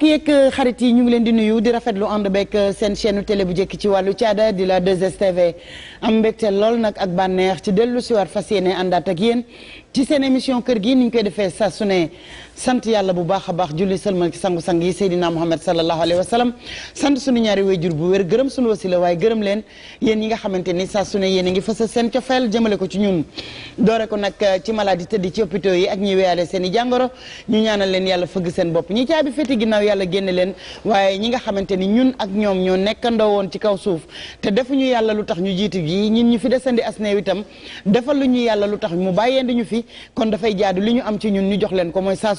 ki yeeg euh, xarit yi ñu ngi leen di nuyu di rafetlu ànd beeg euh, seen chaîne télé bu njëkk ci wàllu caada di la 2STV am mbégte lool nag ak bànneex ci dellu si war fas yéene àndaat ak yéen ci seen émission kër gi ni ñu koy defee saa su ne sant yàlla bu baax a baax julli sëlmal ki sangu-sang yi Seydina Muhammad sallallahu alayhi wa sant sunu ñaari wayjur bu wér gërëm sunu wasila waaye gërëm leen yéen ñi nga xamante ni saa ne yéen a ngi fësal seen cofeel jëmale ko ci ñun doore ko nag eh, ci maladie tëdd ci hôpitaux yi ak ñi weyaale seen i jàngoro ñu ñaanal leen yàlla fëgg seen bopp ñi caabi feti ginnaaw yàlla génne leen waaye ñi nga xamante ni ñun ak ñoom ñoo nekkandoo woon ci ka suuf te defuñu yàlla lu tax ñu jiitu gi ñun ñu fi desandi lu ñu yàlla lu tax mu bàyyeen di ñu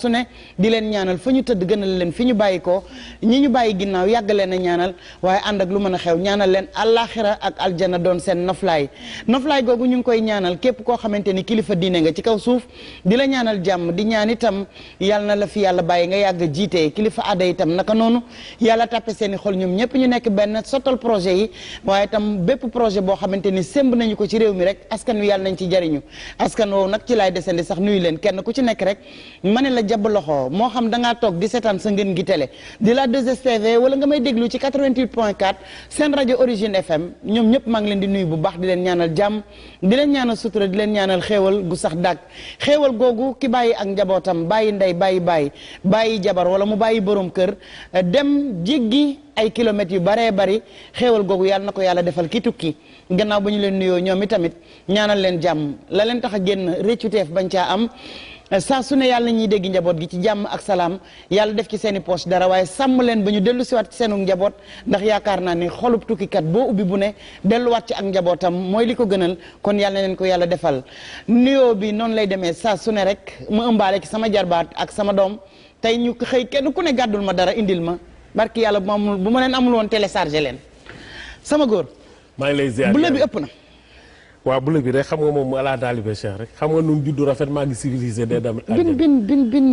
su ne di leen ñaanal fa ñu tëdd gënal leen fi ñu bàyyi ko ñi ñu bàyyi ginnaaw yàgg leen a ñaanal waaye ànd ak lu mën a xew ñaanal leen àllaaxira ak aljana doon seen noflaay noflaay googu ñu ngi koy ñaanal képp koo xamante ni kilifa diine nga ci kaw suuf di la ñaanal jàmm di ñaan itam yàlla na la fi yàlla bàyyi nga yàgg jiite kilifa aada itam naka noonu yàlla tàppe seeni xol ñoom ñëpp ñu nekk benn sottal projet yi waaye tam bépp projet boo xamante ni sémb nañu ko ci réew mi rek askan wi yàlla nañ ci jariñu askan woowu nag ci laay desandi sax nuyu leen kenn ku ci nekk rek gebb loxo moo xam da toog di seetaan sa ngeen gi télé di la 2STV wala nga may déglu ci 88 point 4 seen rajo origine FM ñoom ñëpp maa ngi leen di nuyu bu baax di leen ñaanal jàmm di leen ñaanal sutura di leen ñaanal xéewal gu sax dàkk xeewal googu ki bàyyi ak njabootam bàyyi ndey bàyyi bàyyi bàyyi jabar wala mu bàyyi borom kër eh, dem jéggi ay kilomètres yu baree bari xéewal googu yàlla na ko yàlla defal ki tukki gannaaw ba ñu leen nuyoo ñoom itamit ñaanal leen jàmm la leen tax a génn réccuteef bañ caa am saa su ne yàlla ñuy dégg njaboot gi ci jàmm ak salaam yàlla def ci seeni i dara waaye sàmm leen ba ñu dellu siwaat ci seenu njaboot ndax yaakaar naa ne xolub tukkikat boo ubbi bu ne delluwaat ci ak njabootam mooy li ko gënal kon yàlla na leen ko yàlla defal nuyoo bi noonu lay demee saa su ne rek mu ëmbaale ci sama jarbaat ak sama doom tey ñu xëy kenn ku ne gàddul ma dara indil ma barki yàlla bu ma bu ma leen amul woon téléchargé leen sama góor. bu la ëpp na. waaw bu bi rek xam nga moom laa taalibe Cheikh rek xam nga nu juddu rafet maa ngi civilisé day dem bin bin bin bin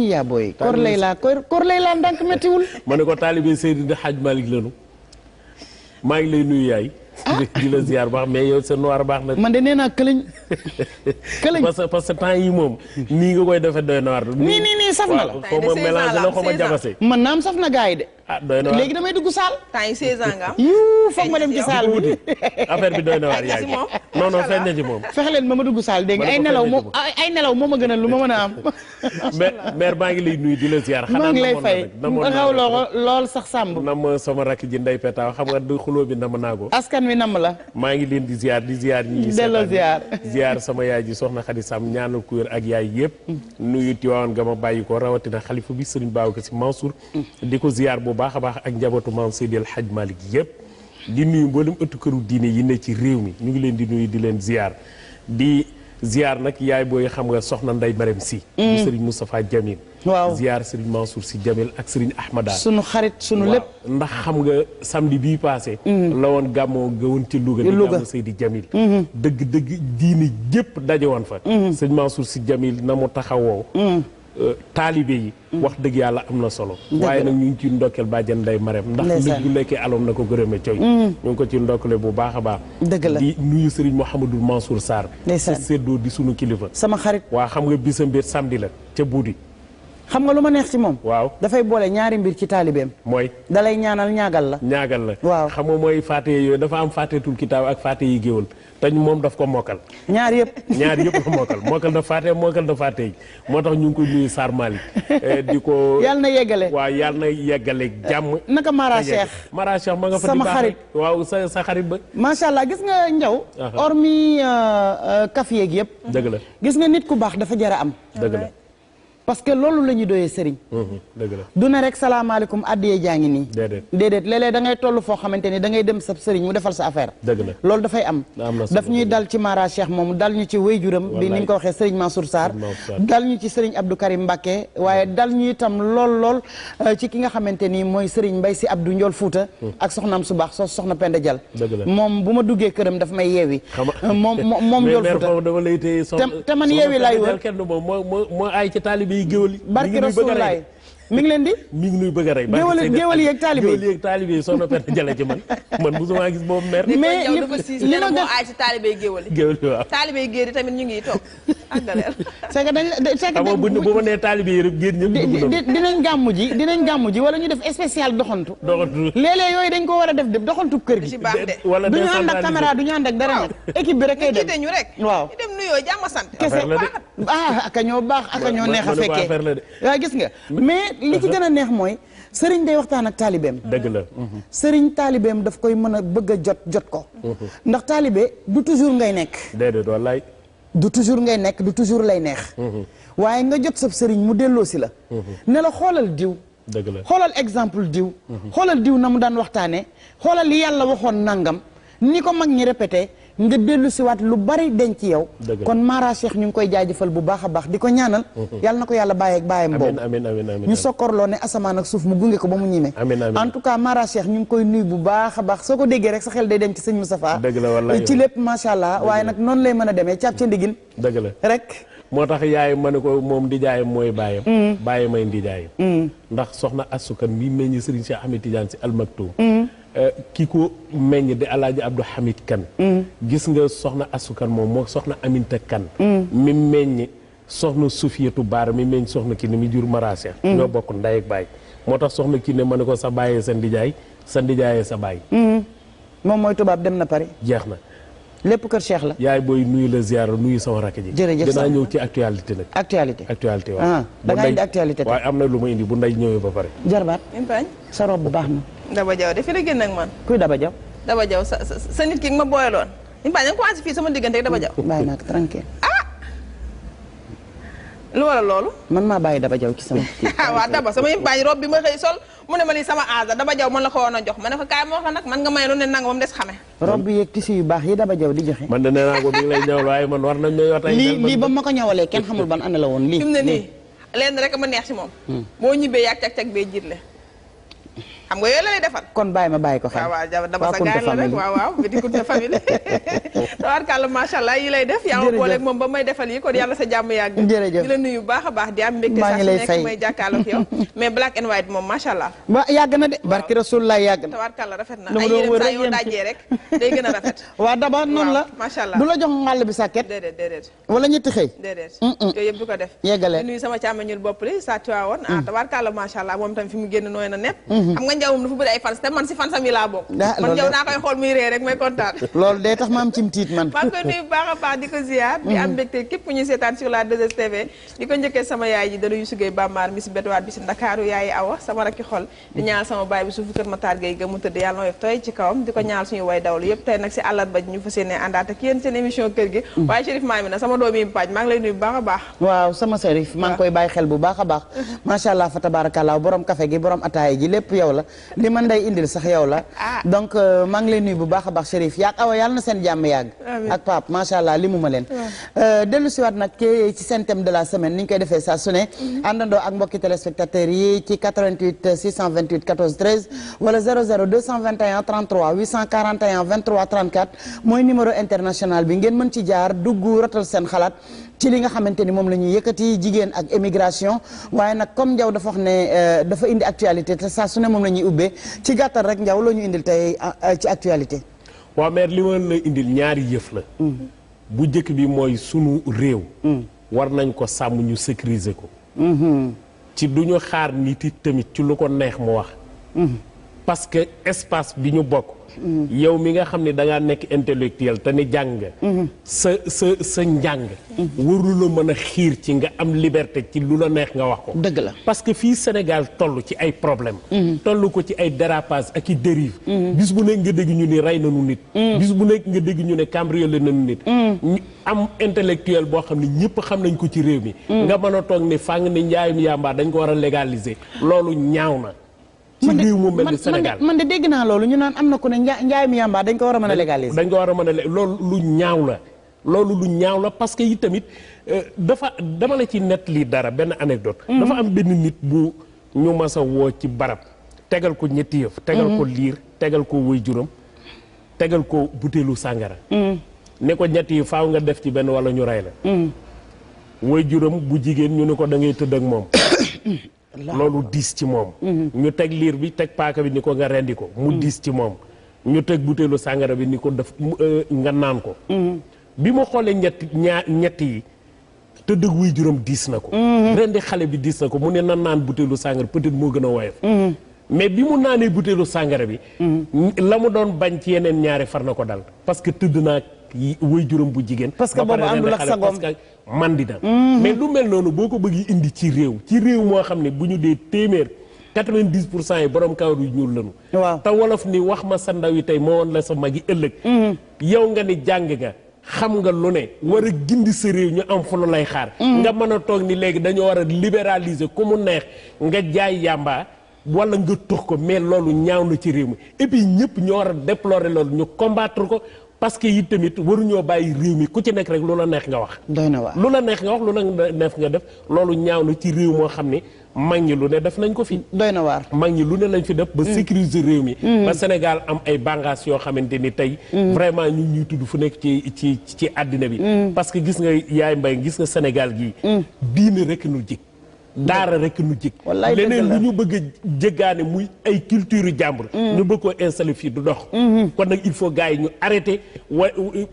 kor lay laa kor lay laa ndànk méttiwul ma ne ko taalibe Seydina Hadj Malick lanu maa ngi lay nuyu yaay di la ziar baax mais yow sa noir baax na. man de nee naa këlañ. këlañ parce que parce temps yi moom. nii nga koy defee doy noir. nii nii nii saf na la. temps yi de 16 ans la xaw a mélangé la xaw ma jabase. man naam saf na gars yi de. Ah, léegi damay dugg saal. temps yi foog ma dem ci saal bi affaire na ci moom. fexe leen ma ma dugg saal dégg nga ay nelaw moom ay nelaw moom a gënal lu ma mën a am. mère maa ngi lay nuyu di la ziar. xanaa namoon na rek namoon naa ko maa ngi lay fay xaw lool sax sàmb. nam sama rakk ji ndey petaaw xam nga du xuloo bi nam naa ko. askan wi namm la maa ngi leen di ziar di ziar ñi delloo sama yaay ji soxna Xadi Sam ñaanal ku ak yaay yëpp nuyu Tiwaawan ga ma bàyyi ko rawatina xalifa bi sëriñ Babacar Sy Mansour di ko ziar bu baax a baax ak njabootu maam Seydi El Hadj Malick yëpp di nuyu mboolem ëttu këru diine yi ne ci réew mi ñu ngi leen di nuyu di leen ziar di ziar nag yaay booy xam nga soxna nday Marème si bu sëriñ Moustapha Jamil waaw ziar sëriñ Mansour si Jamil ak sëriñ Ahmada. sunu xarit sunu lépp ndax xam nga samedi bii passé. Mhm. la woon gàmmoo ga woon ci Louga. Louga di gàmmu Seydi mhm. dëgg dëgg diini jépp daje woon fa. Mhm. sëñ Mansour si Jamil na mu taxawoo. Euh, taalibe yi. wax dëgg yàlla am na solo. waaye nag ñu ngi ciy ndokkeel bàjjen Ndeye Marème. ndax nit bu lekkee aloom na ko gërëme coy. ñu ngi ko ci ndokkale bu baax a baax. dëgg la di nuyu Serigne Mouhamadou Mansour Sarr. ndeysaan séddoo di sunu kilifa. sama xarit waa xam nga bisam biir samedi la ca Buudi. xam nga lu ma neex ci moom. waaw dafay boole ñaari mbir ci taalibeem. mooy dalay ñaanal ñaagal la. ñaagal la waaw xam nga mooy fàtte yooyu dafa am fàtteetul kitaaw ak fàtte yi géwël te moom daf ko mokkal. ñaar yëpp ñaar yëpp la mokkal mokkal da fàtte mokkal da fàtte moo tax ñu ngi ko nuyu Sarr eh, di ko. yàlla na yeggale waaw yàlla na jàmm. Eh, naka Mara Cheikh Mara Cheikh ma nga fa. sama xarit waaw sa sa ba. macha allah gis nga njaw hormis kaf euh, euh, yeeg yëpp. dëgg la gis nga nit ku baax dafa jar a am. dëgg la parce que loolu la ñuy doyee sëriñ. Mhm, dëgg la du ne rek salaamaaleykum addiyee jaa ngi nii. déedéet déedéet léeg-léeg da toll foo xamante ni da ngay dem sa sëriñ mu defal sa affaire. dëgg loolu dafay am. daf ñuy dal ci Mara Cheikh moomu dal ñu ci wéyjuram. di ni ñu ko waxee sëriñ Mansour Sarr. dal ñu ci sëriñ Abdou Karim Mbacke waaye mhm. dal ñu itam lool lool euh, ci ki nga xamante nii mooy sëriñ Mbay si Abdou Ndiol Fouta. Mhm. ak soxnaam su baax soo soxna Penda Dial. moom bu ma duggee këram daf may yeewi. Euh, moom moom Ndiol Fouta te man yeewi day géwal. barki Rasulaay mi ngi leen di mi ngi nuy bëgg a rey géwal yeeg taalibe géwal yeeg taalibe yi soxna Penda ci man man mosuma gis boobu mer mais li ma gën aay tamit ñu ngi toog c'est que dañ c'est que bu ma nee taalibe yi rek ji dinañ gàmmu ji wala ñu def spécial doxantu doxantu léeg-léeg yooyu dañ ko war a def de doxantu kër gi wala du ñu ànd ak caméra du ñu ànd ak dara nag équipe bi rek ah, ñoo baax aka ñoo neex a fekkee waaw gis nga mais li ci gën a neex mooy sëriñ day waxtaan ak taalibeem dëgg la sëriñ taalibeem daf koy mën a bëgg a jot jot ko ndax taalibe du toujours ngay nekk déedéet wallaay du toujours ngay nekk du toujours lay neex waaye nga jot sab sëriñ mu delloo si la ne la xoolal diw dëgg la xoolal exemple diw xoolal diw na mu daan waxtaane xoolal li yàlla waxoon nangam ni ko mag ñi répété nga dellu siwaat lu bari denc yow kon Mara Cheikh ñu ngi koy jaajëfal bu baax a baax di ko ñaanal mhm. yàlla na ko yàlla bàyyi ak bàyyam boobu ñu sokkorloo ne asamaan ak suuf mu gunge ko ba mu ñime en tout cas Mara Cheikh ñu ngi koy nuyu bu baax a baax soo ko déggee rek sa xel day dem ci sëñ Moustapha dëgg la ci lépp macha allah waaye nag noonu lay mën a demee caab ca ndigin dëgg la rek moo tax yaay ma ne ko moom ndijaayam mooy baayam mm. bàyyi may ndijaayam mm. ndax soxna asukan mi meññi Serigne Cheikh Ahmed Tidiane si kii ko meññ di alaaji Abdou Hamid kan mm. gis nga soxna Assou Kane moom moo soxna Aminta kan mm. mi meññ soxna Sufiyatu Baara mi meññ soxna ki ne mi jur Marasia mm. ñoo bokk ndey ak baay moo tax soxna ki ne ma ne ko sa bàyyee sa ndijaay sa ndijaayee sa baay moom mooy tubaab dem na Paris jeex na lépp kër Cheikh la. yaay booy nuyu la ziar nuyu sama rakk ji. jërëjëf dinaa ñëw ci actualité nag. actualité actualité waaw. Ah, da ngaa indi waaye am na lu ma indi bu nday ñëwee ba pare. jarbaat. impañ baax Daba Diaw defi la génn ak man. kuy Daba Diaw. Daba jaw sa sa sa nit ma booyaloon. ñu bàyyi nga commencé fii sama diggante ak Daba Diaw. bàyyi naa ko tranquille. ah. lu waral loolu. man maa bàyyi Daba Diaw ci sama. Ah, waaw Daba sama yëpp bàyyi sol mu ne ma nii sama aada Daba Diaw man la ko a jox ma ne ko kaay ma wax la nag man nga may lu ne nangam ba mu des xame. robe bi yeeg baax yi Daba jaw di joxe. man de nee naa ko bii lay ñëw man war nañu ñëwaat. ay lii lii ba ma ko ñëwalee kenn xamul ban année la woon lii. fi ne nii lenn rek ma neex ci moom. boo hmm. ñibbee yàgg cag cag bee jiitle xam nga yooyu la lay defal kon bàyyi ma bàyyi ko xel waaw waaw la yi lay def yaa ma booleeg moom ba may defal yi kon yàlla sa jàmm yàgg jërëjëf di la a baax di am mbégte saa su nekk may jàkkaarloog yow mais black and white moom macha allah waa saa a rafet waaw daba la macha allah du la ah, mm. moom tam fi mu génn nooy na nepp mm-hmm. Njaw moom dafa ah, a baax di ko ziar di am mm. seetaan sur la sama yaay ji dana Youssou Gueye Bamar mi si bétuwaat bi si Ndakaaru yaay Awa sama rakki xol di ko ñaanal suñu way dawlu yëpp tey nag si àllarba ji ñu fas yéene àndaat ak seen émission kër gi mm. waaye Chérif maa mi na sama doom paaj maa lay nuyu baax a baax waaw sama Chérif maa ngi koy bàyyi xel bu baax a baax mm-hmm. macha allah fa tabarakallah borom café gi borom ataay ji lépp yow la li ma nday indil sax yow la ah. donc euh, maa ngi lay nuyu bu baax a baax Chérif yaag awa yàlla na seen jàmm yàgg ak Pape macha allah li ma leen euh, dellu siwaat nag ci seen thème de la semaine ni ñu koy defee saa su ne mhm. àndandoo ak mbokki téléspectateurs yi ci 88 628 14 13 wala 00 221 33 841 23 34 mooy numéro international bi ngeen mën ci jaar dugg rotal seen xalaat ci li nga xamante ni moom la yëkkati jigéen ak émigration waaye nag comme njaw dafa wax ne euh, dafa indi actualité te saa su ne moom la ñuy ubbee ci gàttal rek njaw loo ñu indil tey euh, euh, ci actualité. waaw maire li ma la indil ñaari yëf la. Mm. bu njëkk bi mooy sunu réew. Mm. war nañ ko sàmm ñu sécuriser ko. Mm-hmm. ci du ñu xaar nit tamit ci lu ko neex mu wax. Mm-hmm. parce que espace bi ñu bokk. yow mi nga xam ne da nekk intellectuel te ni jàng mhm. sa sa sa njàng mhm. warula mën a xiir ci nga am liberté ci lu la neex nga wax ko dëgg la parce que fii Sénégal toll ci ay problème mhm. toll ko ci ay dérapage ak i dérive bis bu nekk nga dégg ñu ni rey na nanu nit bis bu nekk nga dégg ñu ne cambriolé nanu nit am intellectuel boo xam ne ñëpp xam nañ ko ci réew mi nga mën a toog ni fàng ni njaayum yàmbaa dañ ko war a légaliser loolu ñaaw na ci réew mu mel ni Sénégal man de dégg naa loolu ñu naan am na ko ne njaay mi yàmba dañ ko war a mën a légaliser dañ ko war a mën a loolu lu ñaaw la loolu lu ñaaw la parce que yi tamit euh, dafa dama ci net lii dara benn anecdote mm-hmm. dafa am benn nit bu ñu mas a woo ci barab tegal ko ñetti yëf mm-hmm. tegal ko liir tegal ko woy juróom tegal ko butéelu sàngara mm-hmm. ne ko ñett yi faaw nga def ci benn wala ñu rey la woy juróom bu jigéen ñu ne ko da ngay tëdd ak moom loolu diis ci moom mhm. ñu teg liir bi teg paaka bi ni ko nga rendi ko mu mhm. diis ci moom ñu teg butéelu sàngara bi ni ko def euh, nga naan ko mhm. bi ma xoolee ñett ñaa ñett yi tëdd wuy juróom diis na ko rendi xale bi diis na ko mu ne na naan butéelu sàngara peut-être moo gën a woyof mais bi mu naanee butéelu sàngara bi la mu doon bañ ci yeneen ñaari far na ko dal parce tëdd naa way juróom bu jigéen. parce que boobu àndul ak sangoom parce que man di daan mm-hmm. mais lu mel noonu boo ko bëggee indi ci réew ci réew moo xam ne bu ñu dee téeméer 90 pour cent yi boroom kawar yu ñuul lañu. waaw te wolof ni wax ma sa ndaw yi tey moo woon la sa mag yi ëllëg. Mm-hmm. yow nga ni jàng nga xam nga lu ne. war a gindi sa réew ñu am fu lay xaar. Mm-hmm. nga mën a toog ni léegi dañoo war a libéraliser ku mu neex nga jaay yàmba. walla nga tux ko mais loolu ñaaw na ci réew mi et puis ñëpp ñoo war a déplorer loolu ñu combattre ko parce que it tamit waruñoo bàyyi réew mi ku ci nekk rek lu la neex nga wax. na waar lu la neex nga wax lu la nga def loolu ñaaw na ci réew moo xam ne mag ñi lu ne def nañ ko fi. doy na waar mag ñi lu ne lañ fi def. ba mm. sécuriser réew mi. Mm. ba Sénégal am ay bànqaas yoo xamante ni tey. Mm. vraiment ñu ñuy tudd fu nekk ci ci ci àddina bi. parce que gis nga yaay mbay gis nga Sénégal gii. diine rek nu jik daara rek nu jig leneen lu ñu bëgg a muy ay culture yu jàmbur ñu mm. bëgg koo installé fii du dox mm-hmm. kon nag il faut gars yi ñu arrêté wa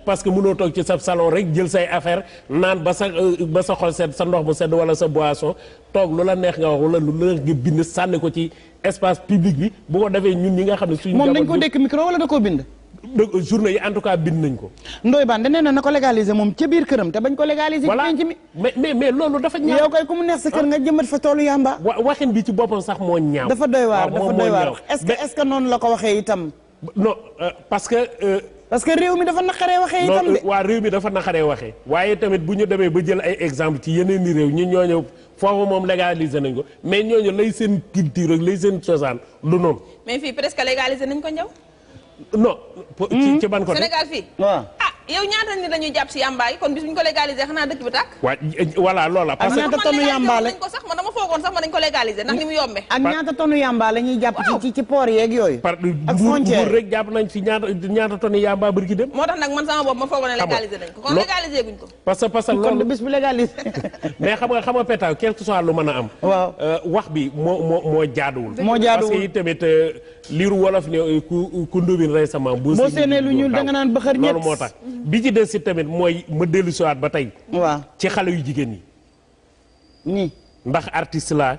parce que mënoo toog ci sa salon rek jël say affaire naan ba sa euh, ba sa xol sedd sa ndox mu sedd wala sa boisson toog lu la neex nga wax wala lu la neex bind sànni ko ci espace public bi bu ko defee ñun ñi nga xam ne suñu moom dañ ko dékk micro wala da koo bind journée yi en tout cas bind nañ ko. Ndoye Bane nee na na ko légaliser moom ca biir këram te bañ ko légaliser. voilà mais mais mais loolu dafa ñaaw. yow kay ku mu neex sa kër ah. nga jëmbat fa toolu yàmba. waxin bi ci boppam sax moo ñaaw. dafa doy waar dafa doy waar est-ce que est-ce que noonu la ko waxee itam. non euh, parce que. Euh, parce que réew mi dafa naqaree waxee itam de. waa réew mi dafa naqaree waxee. waaye tamit bu ñu demee ba jël ay exemple ci yeneen i réew ñi ñooñu foofu moom légaliser nañ ko mais ñooñu lay seen culture lay seen cosaan lu noonu. mais fii presque légaliser nañ ko ñëw. non. ci ban côté Sénégal fii waaw. yow ñaata nit la ñuy jàpp si yàmbaay kon bis bu ñu ko légaliser xanaa dëkk bi tàkk. waa voilà loola. parce que ñaata dañ ko sax man dama foogoon sax man dañ ko légaliser ndax ko. kon légaliser loolu kon a am. waaw euh, wax bi moo moo moo jaaduwul. moo jaaduwul parce que tamit euh, liiru wolof ne euh, ku ndóbin rey sama. boo séenee lu ñuul danga naan bëxër ñett bi ci des tamit mooy ma dellu siwaat ba tey. waa ci xale yu jigéen yi. nii ndax artiste laa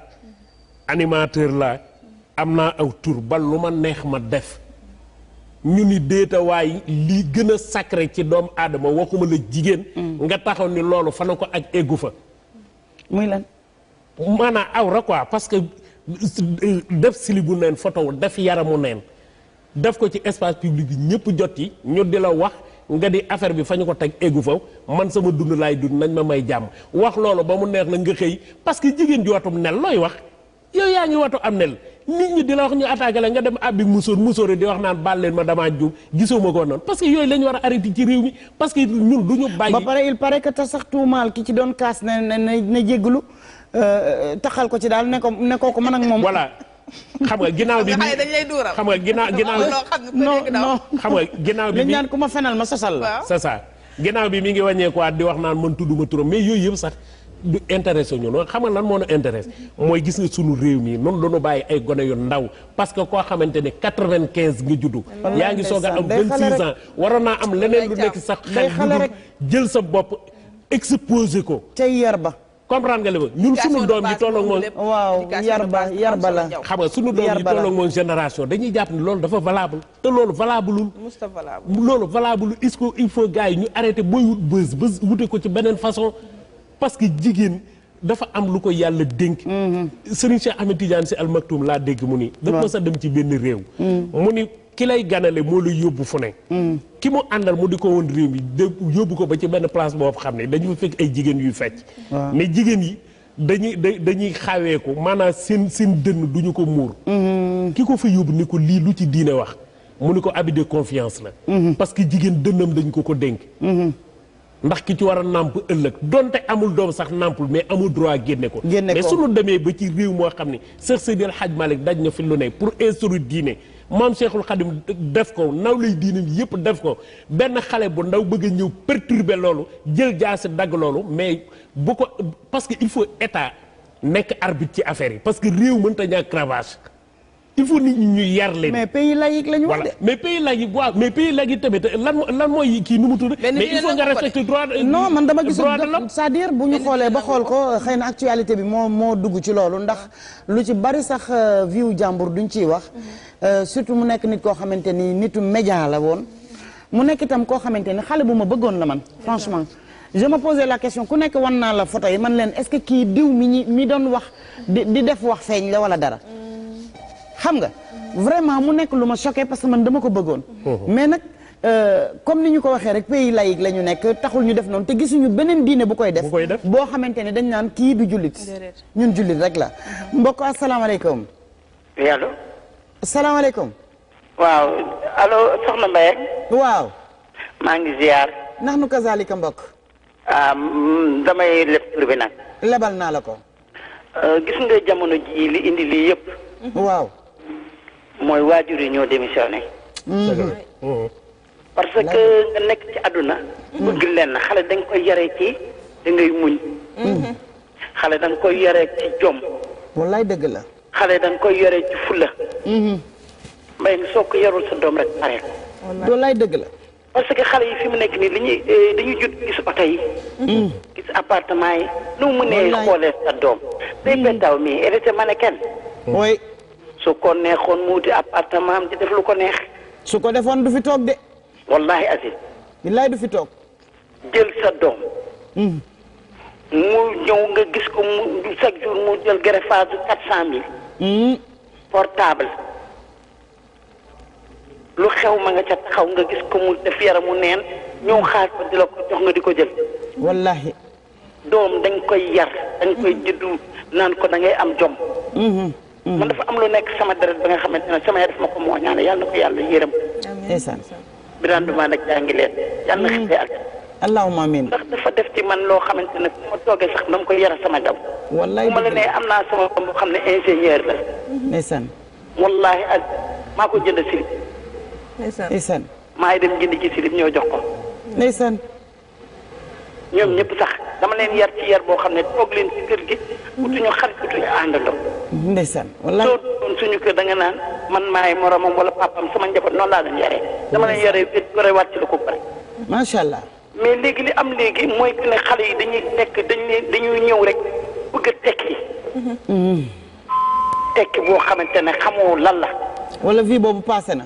animateur laa am naa aw tur ba lu ma neex ma def ñu ni déetawaay li gën a sacré ci doomu aadama waxuma la jigéen. Mm. nga taxaw ni loolu fana ko ak eggu fa. muy lan. maanaa awra quoi parce que euh, def silibu neen photo def yaramu neen def ko ci espace public bi ñëpp jot yi ñu di la wax. nga di affaire bi fa ñu ko teg eggu fa man sama dund laay dund nañ ma may jàmm wax loolu ba mu neex na nga xëy parce que jigéen ji watum nel looy wax yow yaa ngi watu am nel nit ñi di la wax ñu attaqué la nga dem abbi musóor musóor di wax naan baal leen ma damaa juum gisoo ma ko noonu parce que yooyu la war a arrêté ci réew mi parce que ñun du ñu bàyyi. ba pare il paraît que te sax tuumaal ki ci doon kaas na na na jégalu euh, taxal ko ci daal ne ko ne koo ko mën ak moom. voilà xam nga ginnaaw bi dañ lay duural xam nga ginnaaw ginnaaw non xam nga ginnaaw bi ñaan ku ma fenal ma sasal la c'est ça ginnaaw bi mi ngi wàññeekuwaat di wax naan man ma turam mais yooyu yëpp sax du intéressé ñu noonu xam nga lan moo nu intéressé mooy gis nga sunu réew mi noonu dañu bàyyi ay gone yu ndaw parce que koo xamante ne quatre-vingt-quinze nga juddu yaa ngi soog a am vingt-six ans waroon naa am leneen lu nekk sax xel jël sa bopp exposé ko ca yar ba comprendre nga li ma ñun sunu doom yi tolloog moom waaw yar ba yar ba la xam nga sunu doom yi tolloog moom génération dañuy jàpp ni loolu dafa valable te loolu valableul loolu valableul est-ce il faut gars yi ñu arrêté booy wut bës bës wute ko ci beneen façon parce que jigéen dafa am lu ko yàlla dénk mhm. Serigne Cheikh Ahmed Tidiane Sy Al Maktoum laa dégg mu ni dafa sa dem ci benn réew mm. mu ni ki lay ganale moo lay yóbbu fu ne. Mm. ki mu àndal mu di ko woon réew mi de yóbbu ko ba ci benn place boo xam ne dañu fekk ay jigéen yuy fecc. mais jigéen yi dañuy dañuy xawee ko maanaam seen seen dënn du ñu ko muur. Mm-hmm. ki ko fa yóbbu ni ko lii lu ci diine wax mu ni ko habit de confiance la. Mm-hmm. parce que jigéen dënnam dañ ko ko dénk. Mm-hmm. ndax ki ci war a nàmp ëllëg donte amul doom sax nàmpul mais amul droit génne ko mais suñu demee ba ci réew moo xam ne Seex Seydil Hajj Malick daj na fi lu ne pour instaurer diine maam Cheikhul Khadim def ko naw lay diinam yëpp def ko benn xale bu ndaw bëgg a ñëw perturber loolu jël jaasi dagg loolu mais bu ko parce que il faut état nekk arbitre ci affaire yi parce que réew mënta ñàkk cravage il faut nit ñi ñu yar leen. mais pays laïque la ñu wax de. mais pays laïque waaw mais pays laïque tamit lan lan mooy kii nu mu tudd. mais il faut nga respecter droit non man dama gisul c'est-à-dire bu ñu xoolee ba xool ko xëy na actualité bi moo moo dugg ci loolu ndax lu ci bari sax euh, viwu jàmbur duñ ciy wax. Mhm. Euh, surtout mu nekk nit koo xamante ni nitu média la woon. mu nekk itam koo xamante ni xale bu ma bëggoon la man franchement. je ma posais la question ku nekk wan naa la photo yi man leen est-ce que kii diw mi ñi mi doon wax di def wax feeñ la wala dara. Mhm. xam nga vraiment mu nekk lu ma choqué parce que man dama ko bëggoon mais nag euh, comme ni ñu ko waxee rek pays laïque la ñu nekk taxul ñu def noonu te gisuñu beneen diine bu koy def boo xamante ne dañ naan kii du jullit ñun jullit rek la mbokk asalaamaaleykum allo asalaamaaleykum waaw allo soxna Mbaye waaw maa ngi ziar ndax nu kazalika mbokk ah, mm, damay leb tur nag lebal naa la ko euh, gis nga jamono ji li indi lii yëpp waaw mooy waajur yi ñoo démissionné. Mm-hmm. Mm-hmm. parce que nga nekk ci àdduna. Mm-hmm. bëgg leen xale da nga koy yaree ci da ngay muñ. xale da nga koy yaree ci jom. wallaay dëgg la. xale da koy yaree ci fulla. mbay mi soo ko yarul sa doom rek pare. wallaay dëgg la. parce que xale yi fi mu nekk nii dañuy eh, dañuy jut gis oto yi. gis appartement yi. nu mu mënee xoolee sa doom. day pettaaw mii elle était mannequin. su ko neexoon mu wuti appartement am di def lu ko neex. su ko defoon du fi toog de. wallahi azim. billahi du fi toog. jël sa doom. Hmm. mu ñëw nga gis ko mu chaque jour mu jël greffage quatre cent mille. Hmm. portable. lu xew ma nga ca taxaw nga gis ko mu def yaramu neen ñëw xaar ko di la ko jox nga di ko jël. wallahi doom dañ koy yar dañ koy juddu naan ko da ngay am jom. Hmm. Mm. man dafa am lu nekk sama deret ba nga xamante ne sama yaay daf ma ko moo ñaane yàlla la ko yàlla yërëm. ndeysaan. Birane Duma nag jaa ngi leen. yàlla na mm. xëy ak. allahumma amiin ndax dafa def ci man loo xamante ne bu ma toogee sax dama koy yara sama daw. wallaay bu ma nee am naa sama doom boo xam ne ingénieur la. Mm-hmm. ndeysaan. wallaahi ak maa ko jënd silib. ndeysaan. maa ngi dem jënd ci silib ñoo jox ko. ndeysaan. ñoom ñëpp sax dama leen yar ci yar boo xam ne toog leen ci kër gi. utuñu xarit utuñu àndandoo. ndeysaan wala soo doon suñu kër da nga naan man maay moromam wala papam sama njaboot noonu laa leen yare dama leen yaree gore waat ci la ko bëri. macha allah. mais léegi li am léegi mooy que ne xale yi dañuy nekk dañu leen dañuy ñëw rek bëgg a tekki. Mm-hmm. tekki boo xamante ne xamoo lan la. wala vie boobu passé na.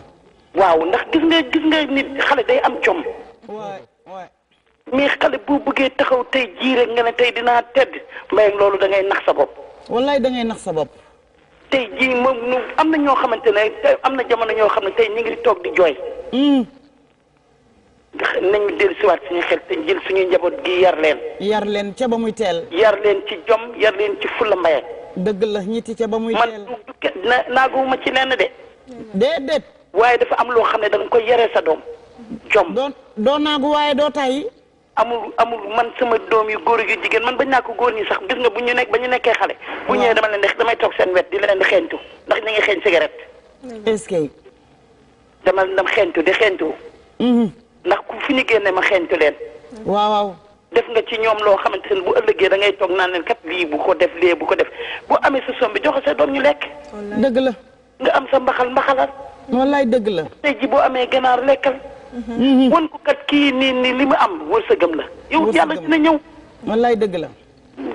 waaw ndax gis nga gis nga nit xale day am jom. mais xale boo buggee taxaw tey jii rek nga ne tey dinaa tedd mbay loolu da ngay nax sa bopp. wallaay da ngay nax sa bopp. tey jii moom nu am na ñoo xamante ne am na jamono ñoo xam ne tey ñu ngi toog di jooy. Hmm. nañu dellusiwaat suñu xel te jël suñu njaboot gi yar leen. yar leen ca ba muy teel. yar leen ci jom yar leen ci fulla mbaye. dëgg la ñitti ca ba muy teel man du ke naaguwuma ci lenn de. déedéet. waaye dafa am loo xam ne da nga koy yaree sa doom. jom doo doo amul amul man sama doom yu góor yu jigéen man bañ naa ko góor nii sax gis nga bu ñu nekk ba ñu nekkee xale. bu ñëwee dama leen di damay toog seen wet di leen di xeentu ndax ñu ngi xeeñ cigarette. est-ce que. dama dem xeentu di mhm. ndax ku fi ñu génne ma xeentu leen. waaw waaw. def nga ci ñoom loo xamante ne bu ëllëgee da ngay toog naa leen kat lii bu ko def lee bu ko def bu amee sa soom bi joxe sa doom ñu lekk. dëgg la. nga am sa mbaxal mbaxalal. wallaay dëgg la. tey ji amee ganaar lekkal. Mhm. wan ko kat kii nii nii li mu am wërsëgam la. yow yàlla dina ñëw. wallaay dëgg la.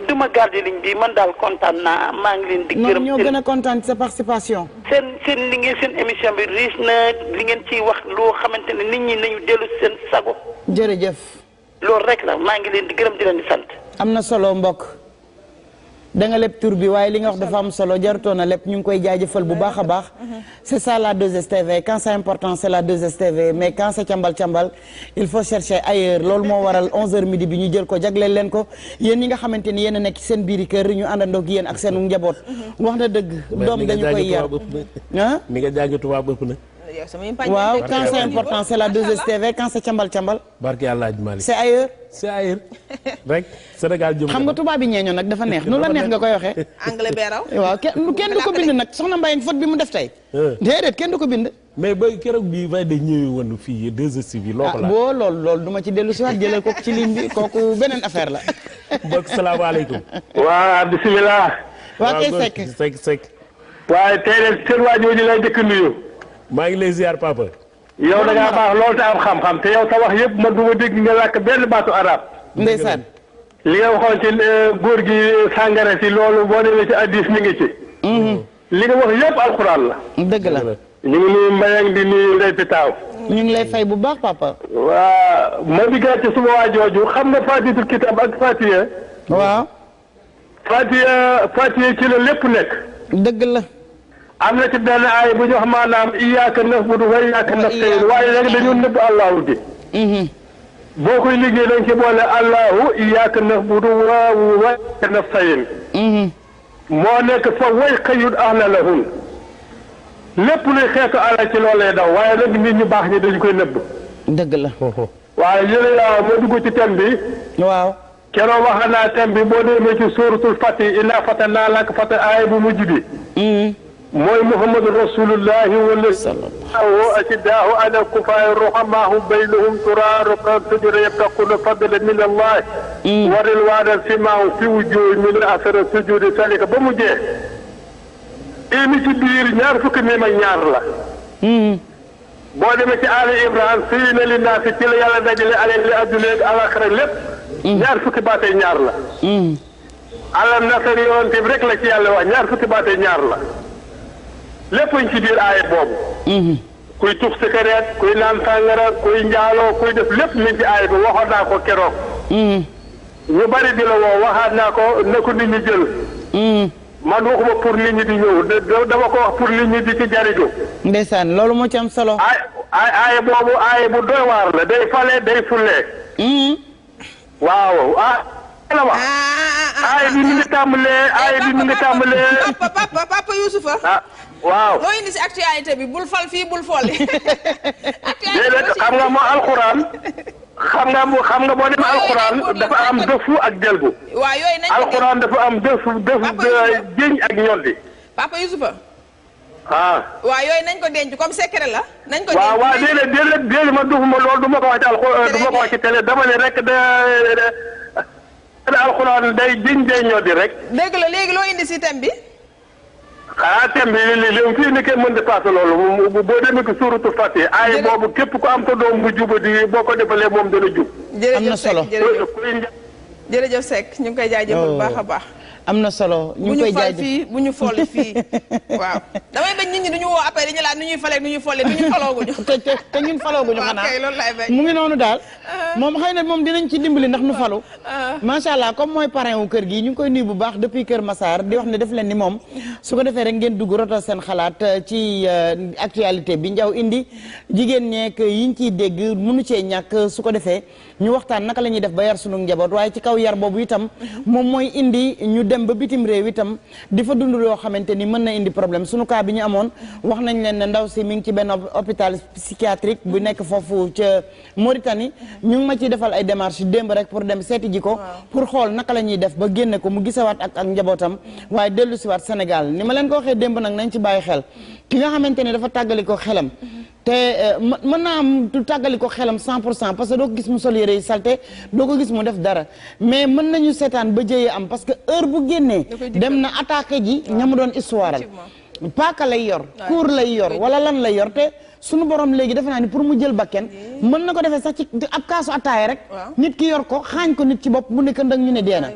duma garder liñ bi man daal kontaan naa maa ngi leen di. gërëm ñoo gën a kontaan sa participation. seen seen li ngeen seen émission bi riche na li ngeen ciy wax loo xamante ne nit ñi nañu dellu seen sago. jërëjëf. loolu rek la maa ngi leen di gërëm di leen di sant. am na solo mbokk. da nga leb tur bi waaye li nga wax dafa am solo jarutoon na leb ñu ngi koy jaajëfal bu baax a baax. c' ça la 2STV quand c' est important c' est la 2STV mais quand c' est càmbal càmbal il faut chercher ailleurs loolu moo waral 11h midi bi ñu jël ko jagleel leen ko yéen ñi nga xamante ni yéen a nekk seen biiri kër ñu àndandoog yéen ak seen njaboot. wax na dëgg doom dañu koy yar mi nga jàng tubaab na. waaw quand c'est important c'est la 2STV quand c'est cambal cambal. barke El Hadj Malick c'est rek Sénégal jëm xam nga tubaab yi nag dafa neex noonu la neex nga koy waxee. anglais beeraw. waaw kenn du ko bind nag soxna Mbayang faute bi mu def tey. déedéet kenn du ko bind. mais ba keroog bii fay de ñëwee woon fii 2 bi. loo ko ah, laaj boo loolu loolu duma ci dellu si waat jëlee kooku ci ligne bi kooku beneen affaire la. mbokk salaamaaleykum. waa bisimilah. waa kay Seck waaw Seck Seck. waaye tey de maa ngi lay ziar papa. yow da ngaa baax loolu te am xam-xam te yow sa wax yëpp man du ma dégg nga làkk benn baatu arab ndeysaan. li nga waxoon ci euh, góor gi euh, sàngara si loolu boo demee ci addis mi ngi ci. Mm-hmm. li nga wax yëpp alxuraan la. dëgg la ñu ngi nuyu Mbayang di nuyu Ndeye Pitaaw. ñu ngi lay fay bu baax papa. waa ma di gàcce suma waa jooju xam nga Faatihatul Kitaab ak Faatiha. waaw. Faatiha Faatiha ci la lépp nekk. dëgg la. am na ci benn aay bu ñu wax maanaam iyaaka na'budu wa iyaaka nasta'iin waaye léegi dañu nëbb allahu bi mhm. boo koy liggéey dañ ci boole allahu iyaaka na'budu wa iyaaka nasta'iin mhm. moo nekk fa way xëyut ahla lahun lépp ci loolu lay daw waaye nag nit ñu baax ñi dañu koy nëbb dëgg la waaye yéen yaa ma dugg ci thème bi waaw keroog wax naa thème bi boo demee ci suuratul Fatiha innaa fatahna laka fatahan aaya bu mujj bi mhm. mooy muhammadu rasulullahi wala sallallahu asiddaahu ala kufaay ruhamaahu baynahum turaaro sujura yabtaquna fadla min allah mm. wa rilwaanan simaahu fi wujuuhi min asara sujudi salika ba mu jeex imi ci biir ñaar fukki niim ak ñaar la mm. boo demee ci aali imran fii na li naasi ci la yàlla dajale ale li adduna ak alaxira lépp mm. ñaar fukki baatee ñaar la ala nasar yoonte bi rek la ci yàlla wax ñaar fukki baatee ñaar la lépp ñu ci biir aaya boobu. Mhm. kuy tux cigarette kuy naan sàngara kuy njaaloo kuy def lépp mi ci bi waxoon naa ko keroog. Mhm. ñu bari di la woo waxaat ko ne ko nit ñi jël. Mhm. man waxuma pour nit ñi di ñëw dama ko wax pour nit ñi di ci jariñu. ndeysaan loolu moo ci solo. ay boobu ay bu doy waar la day fale day fulle. waaw ah. ah, ah, ah bi mi ngi tàmbalee ay bi mi ngi tàmbalee. papa papa papa waaw loo indi si actualité bi bul fal fii bul fool. actualité xam nga moo alxuraan. xam nga boo xam alxuraan dafa am dëfu ak jëlbu. waaw yooyu nañ alxuraan am dëfu dëfu jëñ ak ñolli. papa Youssoufa. waaw yooyu nañ ko denc comme secret la. nañ ko denc waaw waaw déedéet déedéet déedéet ma dëfu ma loolu du ma ko wax ci alxuraan du ma ko day jëñ day ñolli rek. dëgg la léegi loo indi si thème bi. ah thème bi li li fii ni kenn mën di passé loolu boo demee ko suuratul Faatiha ay boobu képp ku am sa doom bu juba di boo ko defalee moom dana jub. am na solo jërëjëf Seck jërëjëf Seck ñu ngi koy jaajëfal baax a baax. am na solo ñu koy jaay fii bu ñu fol fii waaw damay bañ nit ñi duñu woo appel yi ñu laaj nu ñuy falee nu ñuy folee nu ñu falooguñu te te ñun falooguñu xanaa mu ngi noonu daal uh-huh. moom xëy na moom dinañ ci dimbali ndax nu falu uh-huh. macha allah comme mooy parrain wu kër gi ñu ngi koy nuyu bu baax depuis Kër Massar di wax ne def leen ni moom su ko defee rek ngeen dugg rotal seen xalaat uh, ci uh, actualité bi njaw indi jigéen ñeek uh, yiñ ciy dégg mënu cee ñàkk su ko defee ñu waxtaan naka la ñuy def ba yar sunu njaboot waaye ci kaw yar boobu itam moom mooy indi ñu dem ba bitim réew itam di fa dund loo xamante ni mën na indi problème sunu cas bi ñu amoon wax nañ leen ne ndaw si mi ngi ci benn hôpital psychiatrique bu nekk foofu ca Mauritanie ñu ngi ma ciy defal ay démarches démb rek pour dem seeti ji ko pour xool naka la ñuy def ba génne ko mu gisawaat ak ak njabootam waaye dellu siwaat Sénégal ni ma leen ko waxee démb nag nañ ci bàyyi xel ki nga xamante ni dafa tàggali ko xelam te euh, mën naa am du tàggali ko xelam 100 pour cent parce que doo ko gis mu sol yére yi salté doo ko gis mu def dara mais mën nañu seetaan ba jëyee am parce que heure bu génnee dem na attaqué ji ña mu doon histoire paaka lay yor kuur lay yor wala lan lay yor te suñu borom léegi defe naa ni pour mu jël bakken mën na ko defee sax ci ab kaasu attaaya rek nit ki yor ko xaañ ko nit ci bopp mu nekk ndang ñu ne deena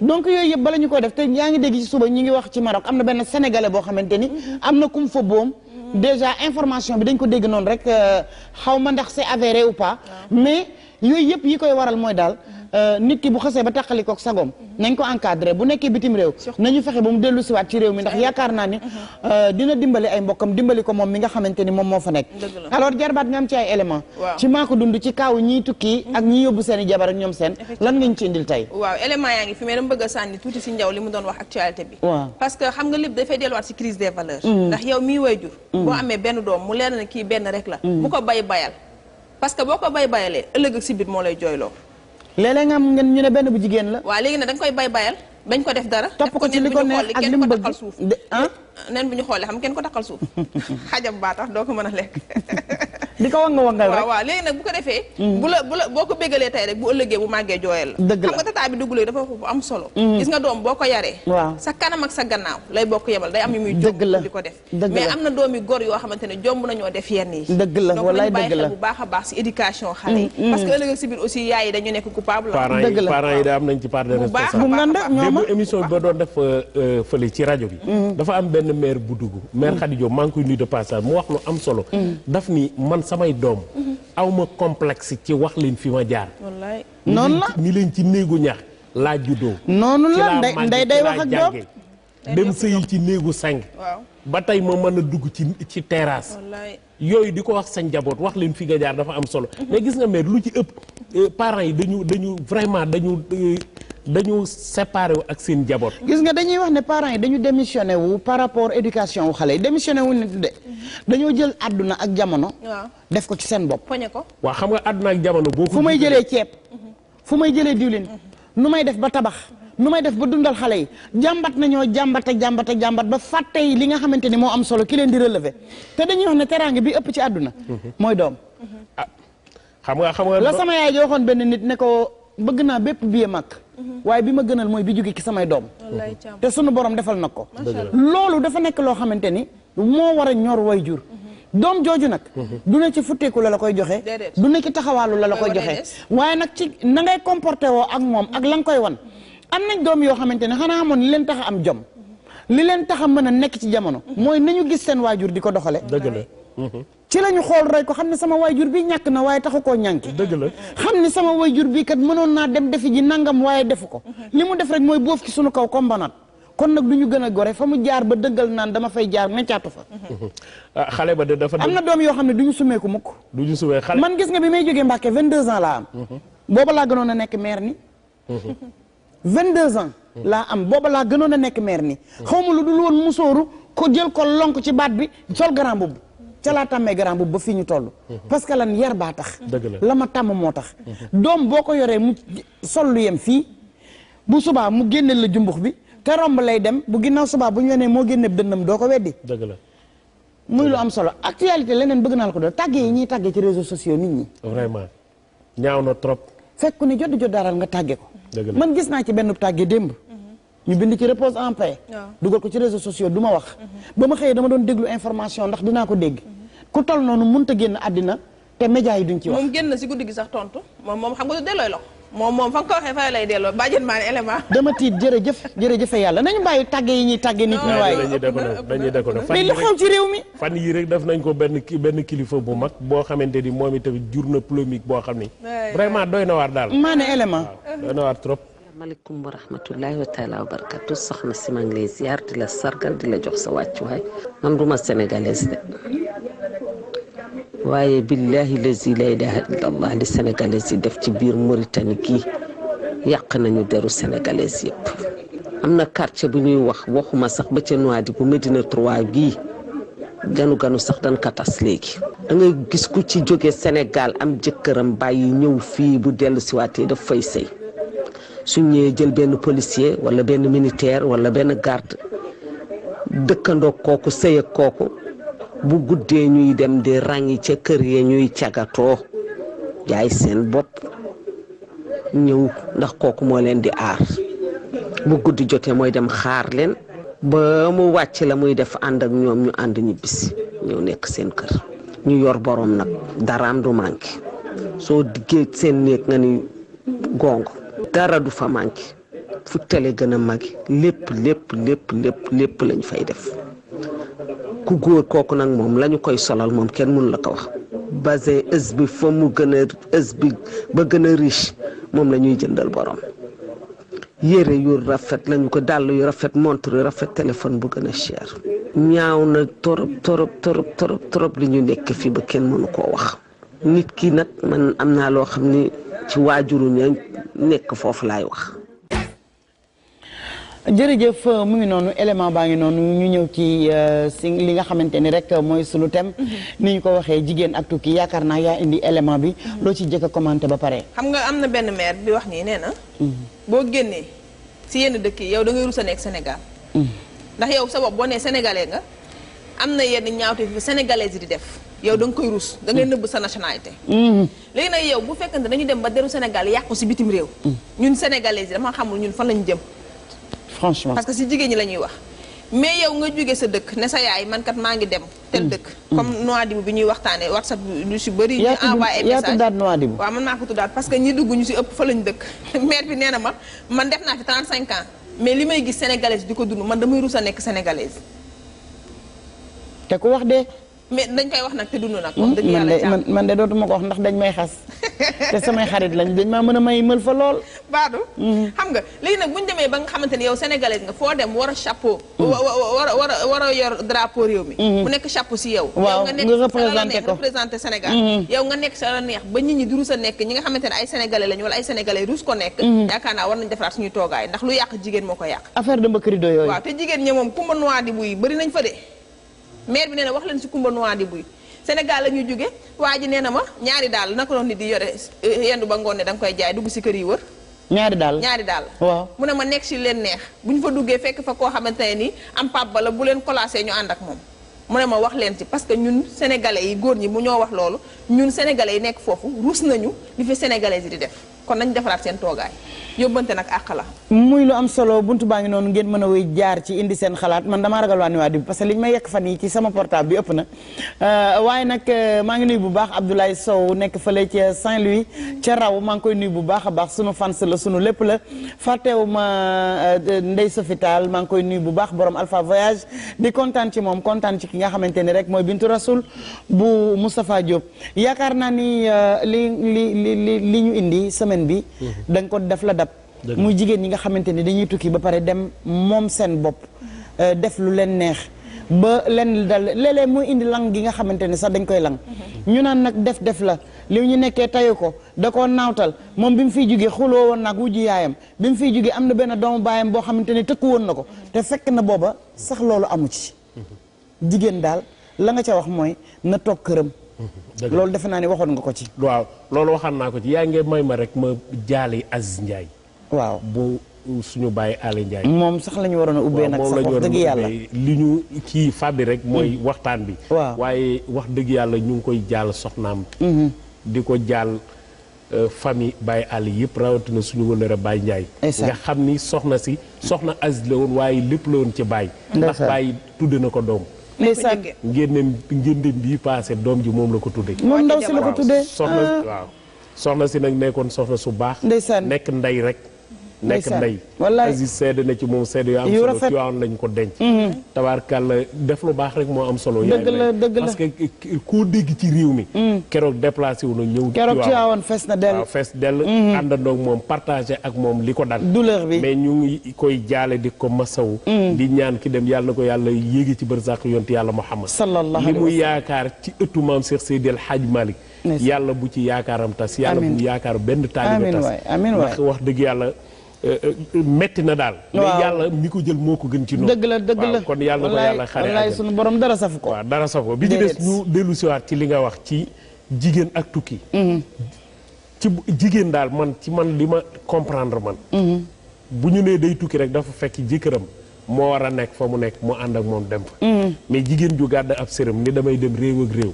donc yooyu yëpp bala ñu ko def te yaa ngi dégg ci suba ñi ngi wax ci Maroc am na benn sénégalais boo xamante ni mm-hmm. am na kum fa boom déjà information bi dañ ko dégg noonu rek euh, xaw ma ndax se avéré ou pas mais yooyu yëpp yi koy waral mooy daal mm-hmm. Euh, nit ki bu xasee ba tàqalikook sagoom nañ ko encadré bu nekkee bitim réew nañu fexe ba mu dellu siwaat ci réew mi ndax yaakaar naa ni mhm. euh, dina dimbali ay mbokkam dimbali ko moom mi nga xamante ni moom moo fa nekk alors jarbaat nga am ci ay élément ci maa dund ci kaaw ñiy tukki mhm. ak ñi yóbbu seen i jabar ak ñoom seen lan ngañ ci indil tey waaw élément yaa ngi fi mais dama bëgg sànni tuuti si njaw li mu doon wax actualité bi waaw parce que xam nga lépp dafay delluwaat si crise des valeurs mhm. ndax amee benn doom mu leer na benn rek la ko bay bayal parce que boo ko bay bayalee ëllëg si biir moo lay jooyloo léeg-léeg nga am ngeen ñu ne benn bu jigéen la. waaw léegi nag dañ koy bay bayal dañ ko def dara. topp ko ci li ko neex ak li mu bëgg nen bu ñu xoolee xam kenn ko takkal suuf xajam baa tax doo ko mën a lekk di ko wanga wangal rek waaw léegi nag bu ko defee mm. bu la bu la boo ko bégalee tey rek bu ëllëgee bu màggee jooyal la xam nga tataa mm. doom boo ko yaree waaw sa kanam ak sa gannaaw lay bokk yemal day am yu muy dëgg la di ko def mais am na doomi gor yoo xamante ne jomb nañoo def yenn yi dëgg la wallaay dëgg la bu baax a baax si éducation xale mm, yi parce que ëllëg si biir aussi yaay yi dañu nekk coupable dëgg la parents yi da am nañ ci part de responsabilité bu émission bi ba doon def euh, fële ci benn maire bu dugg maire Khady Diop maa ngi koy nuyu de passage mu wax lu am solo mm. daf ni man samay doom mm-hmm. awma complexe ci wax leen fi ma jaar wallaay noonu la ni leen ci néegu ñax laa juddoo noonu la nday day wax ak doom dem sëyi ci néegu sang ba tey ma mën a dugg ci ci terrasse yooyu di ko wax sa njaboot wax leen fi nga jaar dafa am solo mm-hmm. mais gis nga maire lu ci ëpp euh, parents yi dañu dañu vraiment dañu euh, dañu séparé ak seen jaboot gis nga dañuy wax ne parents yi dañu démissionné wu par rapport éducation wu xale yi démissionné wu nit de dañoo jël àdduna ak jamono. def ko ci seen bopp. poñe ko waaw xam nga àdduna ak jamono. boo fu may jëlee ceeb. fu may jëlee diwlin. nu may def ba tabax. nu may def ba dundal xale yi jàmbat nañoo jàmbate jàmbate jàmbat ba fàtte yi li nga xamante ni moo am solo ki leen di relever te dañuy wax ne teraanga bi ëpp ci àdduna mooy doom ah, xam nga xam nga la sama yaay ji ko bëgg naa bépp biye mag Mm-hmm. waaye bi ma gënal mooy bi jóge ci samay doom te sunu borom defal na ko loolu dafa nekk loo xamante ni moo war a ñor way jur mm-hmm. doom jooju nag mm-hmm. du ne ci futteeku la la koy joxe du ne ci taxawaalu la la koy joxe waaye nag ci na ngay comporté woo ak moom ak la koy wan am nañ doom yoo xamante ne xanaa amoon li leen tax am jom li leen taxa mën a nekk ci jamono mooy nañu gis seen waajur di ko doxale ci lañu xool roy ko xam ne sama waajur bi ñàkk na waaye taxu koo ñànki xam ne sama waajur bi kat mënoon naa dem defi ji nangam waaye defu ko mhm. li mu def rek mooy boof ki suñu kaw kombanat kon nag du ñu gën a gore fa mu jaar ba dëggal naan dama fay jaar neccaatu fa mhm. ah, xale ba de dafa am na doom yoo xam ne du ñu ku mukk du ñu sumee xale man gis nga bi may jógee Mbàkke vingt deux ans mhm. laa am booba laa gënoon a nekk maire ni vingt deux ans laa am booba laa gënoon a nekk maire ni xaw ma lu dul woon musóoru ko jël ko lonk ci baat bi sol garan boobu ca laa tàmmee grand boobu ba fii ñu toll mhm. parce que lan yar baa tax la ma tàmm moo tax mhm. doom boo ko yoree mu sol lu yem fii bu subaa mu génneel la jumbux bi te romb lay dem bu ginnaaw subaa bu ñu wenee moo génne dënnam doo ko weddi dëgg la muy lu am solo actualité leneen bëgg naa la ko doon tàggee yi ñuy tàggee ci réseau sociaux nit ñi vraiment ñaaw na trop fekk ne jot jot daaral nga tàggee ko man gis naa ci benn tàggee démb ñu bind ci repose en paix. dugal ko ci réseaux sociaux du ma wax. ba ma xëyee dama doon déglu information ndax dinaa ko dégg. ku toll noonu mun a génn àddina te média yi duñ ci wax. moom génn si guddi gi sax tontu moom moom xam nga dellooy loxo. moom moom fa nga delloo bàjjen maa ne élément. dama tiit jërëjëf jërëjëf yàlla nañu bàyyi tàgge yi ñuy tàgge nit waaye. dañuy dëkkoon dañuy dëkkoon fan ci réew mi. fan yii rek def nañ ko benn ki benn kilifa bu mag boo xamante ni moom itamit jur na polémique boo xam ni. vraiment doy na waar daal. maa ne élément doy na trop. asalaamaaleykum wa rahmatullahi wa taala wa barakatu soxna si la sargal di jox sa wàccuwaay man duma sénégalaise de waaye la ilaha illa allah def ci biir Mauritanie gii yàq nañu deru sénégalais am na quartier bu ñuy wax waxuma sax ba ca Nouadhibou bu Médina 3 bii ganu-ganu sax dañ ko tas léegi da gis ku ci jóge Sénégal am jëkkëram bàyyi ñëw fii bu dellu siwaatee daf fay sey su ñëwee jël benn policier wala benn militaire wala benn garde dëkkandoo kooku sëy kooku bu guddee ñuy dem di ràññi ca kër ya ñuy cagatoo jaay seen bopp ñëw ndax kooku moo leen di aar bu guddi jotee mooy dem xaar leen ba mu wàcc la muy def ànd ak ñoom ñu ànd ñibbisi ñëw nekk seen kër ñu yor borom nag daraam du manqué soo diggee seen néeg nga ni gong dara du fa manqué fu télé gën a magi lépp lépp lépp lépp lañu lañ fay def ku góor kooku nag moom lañu koy solal moom kenn mënu la ko wax basin ës bi fa mu gën a ës ba gën a riche moom la ñuy jëndal borom yére yu rafet lañu ko dàll yu rafet montre yu rafet téléphone bu gën a cher ñaaw na torop torop torop torop li ñu nekk fii ba kenn mënu koo wax nit ki nag man am naa loo xam ni ci waajuru ña nekk foofu laay wax. jërëjëf mu ngi noonu élément baa ngi noonu ñu ñëw ci euh, si li nga xamante ni rek mooy sunu thème. Mm-hmm. ni ñu ko waxee jigéen ak tukki yaakaar naa yaa indi élément bi. Mm-hmm. loo ci jëkk a commenté ba pare. xam nga am na benn maire bi wax nii nee na. Mm-hmm. boo génnee si yenn dëkk yi yow da ngay rus Sénégal. ndax yow sa boo nee sénégalais nga am na yenn ñaawte fi sénégalais di def. yow da nga koy rus da nëbb sa nationalité. Mm-hmm. léegi nag yow bu fekkante dañu dem ba deru Sénégal yàqu si bitim réew. Mm. ñun sénégalais yi dama xamul ñun fan lañu jëm. franchement parce que si jigéen ñi la ñuy wax. mais yow nga jóge sa dëkk ne sa yaay man kat maa ngi dem. tel mm. dëkk comme mm. Nouadhibou bi ñuy waxtaanee WhatsApp lu si bëri. ñu envoyé ay message yaa tuddaat Nouadhibou waaw man maa ko tuddaat parce que ñi dugg ñu si ëpp fa lañu dëkk. maire bi nee na ma man def naa fi 35 ans mais li may gis sénégalaise di ko dund man damay rus a nekk mais dañ koy wax nag te dund nag. Mm, wax dëgg yàlla man de man de dootuma ko wax ndax dañ may xas te samay xarit lañ dañ ma mën a may mël fa lool. baadu. Mm. xam nga léegi nag bu ñu demee ba nga xamante ni yow sénégalais nga foo dem war a chapeau. Mm. war a war a war a yor drapeau réew mi. mu nekk chapeau si yow. waaw sa neex ba nit ñi du rus a nekk ñi nga xamante ne ay sénégalais lañ wala ay sénégalais rus ko nekk. yaakaar naa war nañ defaraat suñuy toogaay ndax lu yàq jigéen moo ko yàq. affaire de mbëkkri do yooyu. waaw te jigéen ñi moom kumba noa di buy bëri nañ fa de maire bi nee na wax leen ci Kumba Nouadhibou Sénégal la ñuy jóge waa ji nee na ma ñaari daal naka noonu nit di yore eh, yendu ba ngoon ne da koy jaay dugg si kër yi wër. ñaari daal ñaari daal. waaw mu ne ma nekk si leen neex bu ñu fa duggee fekk fa koo xamante ne nii am pap bala bu leen kolaasee ñu ànd ak moom. mu ne ma wax leen si parce que ñun sénégalais yi góor ñi mu ñoo wax loolu ñun sénégale yi nekk foofu ruus nañu li fi sénégalais yi di def kon nañu defaraat seen toogaay. yóbbante nag àq la muy lu am solo buntu baa ngi noonu ngeen mën a wéy jaar ci indi seen xalaat man damaa ragal waa ni waa di parce que li ñu may yekk fan yi ci sama portable bi ëpp na euh, waaye nag euh, maa ngi nuyu bu baax Abdoulaye Sow nekk fële ca Saint-Louis ca raw maa ngi koy nuyu bu baax a baax sunu fans la sunu lépp la fàttewu ma euh, Ndeye Sofital maa ngi koy nuy bu baax borom Alpha Voyage di kontaan ci moom kontaan ci ki nga xamante ni rek mooy Bintu Rasoul bu Moustapha yaakaar naa ni li li li li ñu indi semaine bi mhm. da def la dab muy jigéen ñi nga xamante ni dañuy tukki ba pare dem moom seen bopp euh, def lu leen neex ba leen dal léeg-léeg muy indi lang gi nga xamante ne sax dañ koy lang mhm. ñu naan nag def def la li ñu nekkee tayu ko da koo naawtal moom bi mu fiy jógee xuloo woon nag wujju yaayam bi mu fiy jógee am na benn doomu baayam boo xamante ne tëkku woon na ko te fekk na booba sax loolu amu ci mhm. jigéen daal la nga ca wax mooy na toog këram mhm. loolu defe naa ne waxoon nga ko ci waaw loolu waxaan naa ko ci yaa ngi may ma rek ma jaale Aziz Ndiaye waaw bu suñu bàyyi Aly Ndiaye. moom sax la ñu waroon a ubbee nag sax wax dëgg yàlla li ñu kii fàbbi rek mooy mm. waxtaan bi. waaw waaye wax dëgg yàlla ñu ngi koy jaal soxnaam. Mm-hmm. di ko jaal euh, famille Baye Aly yëpp rawatina suñu wëllëre Baye Ndiaye. nga xam ni soxna si soxna Aziz la woon waaye lépp la woon ci bàyyi ndax Baye tudd na ko doom. ndeysaan ngénneem ngénneem bii paase doom ji moom la ko tudde moom ndaw si la ko tuddee soxna ah. waaw soxna si nag nekkoon soxna su baax. nekk ndey rek. nekk ndey Aziz seede na ci moom seede yu am solo ci waawoon lañ ko denc mhm. tabaarkàlla def lu baax rek moo am solo dëgg la dëgg parce que koo dégg ci réew mi mhm. keroog déplacé wu na ñëw keroog ci waawoon fees na dell waaw fees dell mhm. àndandoog moom partagé ak moom li ko dal douleur bi mais ñu ngi koy jaale di ko masawu di ñaan ki dem yàlla ko yàlla yéegi ci barzak yonti yàlla Muhammad sallallahu li muy yaakaar ci ëttu maam Cheikh Seydi El Hadj Malick yàlla bu ci yaakaaram tas yàlla bu yaakaar benn yàlla Euh, euh, metti na daal. waaw yàlla mi ko jël moo ko gën ci noonu. dëgg la kon yàlla ko yàlla xare wallaay sunu borom dara safu ko. waaw dara safu ko bi ñu des ñu dellu siwaat ci li nga wax ci jigéen ak tukki. Mm-hmm. ci jigéen daal man ci man li ma comprendre man. Mm-hmm. bu ñu nee day tukki rek dafa fekk jëkkëram moo war a nekk fa mu nekk mu ànd ak moom dem fa. Mm-hmm. mais jigéen ju gàdd ab sërëm ni damay dem réew réew.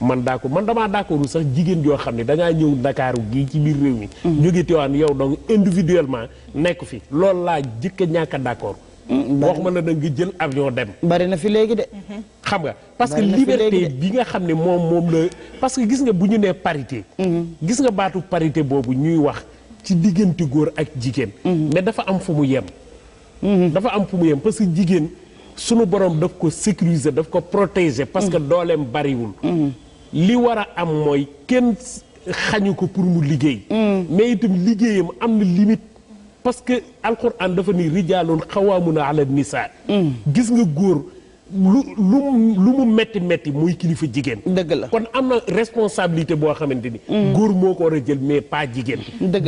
man daa ko man damaa d'accordul sax jigéen joo xam ne dangaa ñëw ndakaaru gii ci biir réew mi jóge Tiwaawan yow donc individuellement nekk fi loolu laa jëkk a ñàkk a d'accord mm, wax ma la da nga jël avion dem bari na fi léegi de xam nga parce que liberté bi nga xam ne moom moom la parce que gis nga bu ñu nee parité mm-hmm. gis nga baatu parité boobu ñuy wax ci diggante góor ak jigéen mm-hmm. mais dafa am fu mu yem mm-hmm. dafa am fu mu yem parce que jigéen sunu borom daf ko sécuriser daf ko protéger parce que dooleem bariwul li war a am mooy kenn xañu ko pour mu liggéey mm. mais itam liggéeyam am na limite parce que alxuraan dafa ni rijaalun xawaamuna ala nisaa mm. gis nga góor lu lu lu mu metti metti muy kilifa jigéen. dëgg la kon am na responsabilité boo xamante ni. Mm. góor moo ko war a jël mais pas jigéen.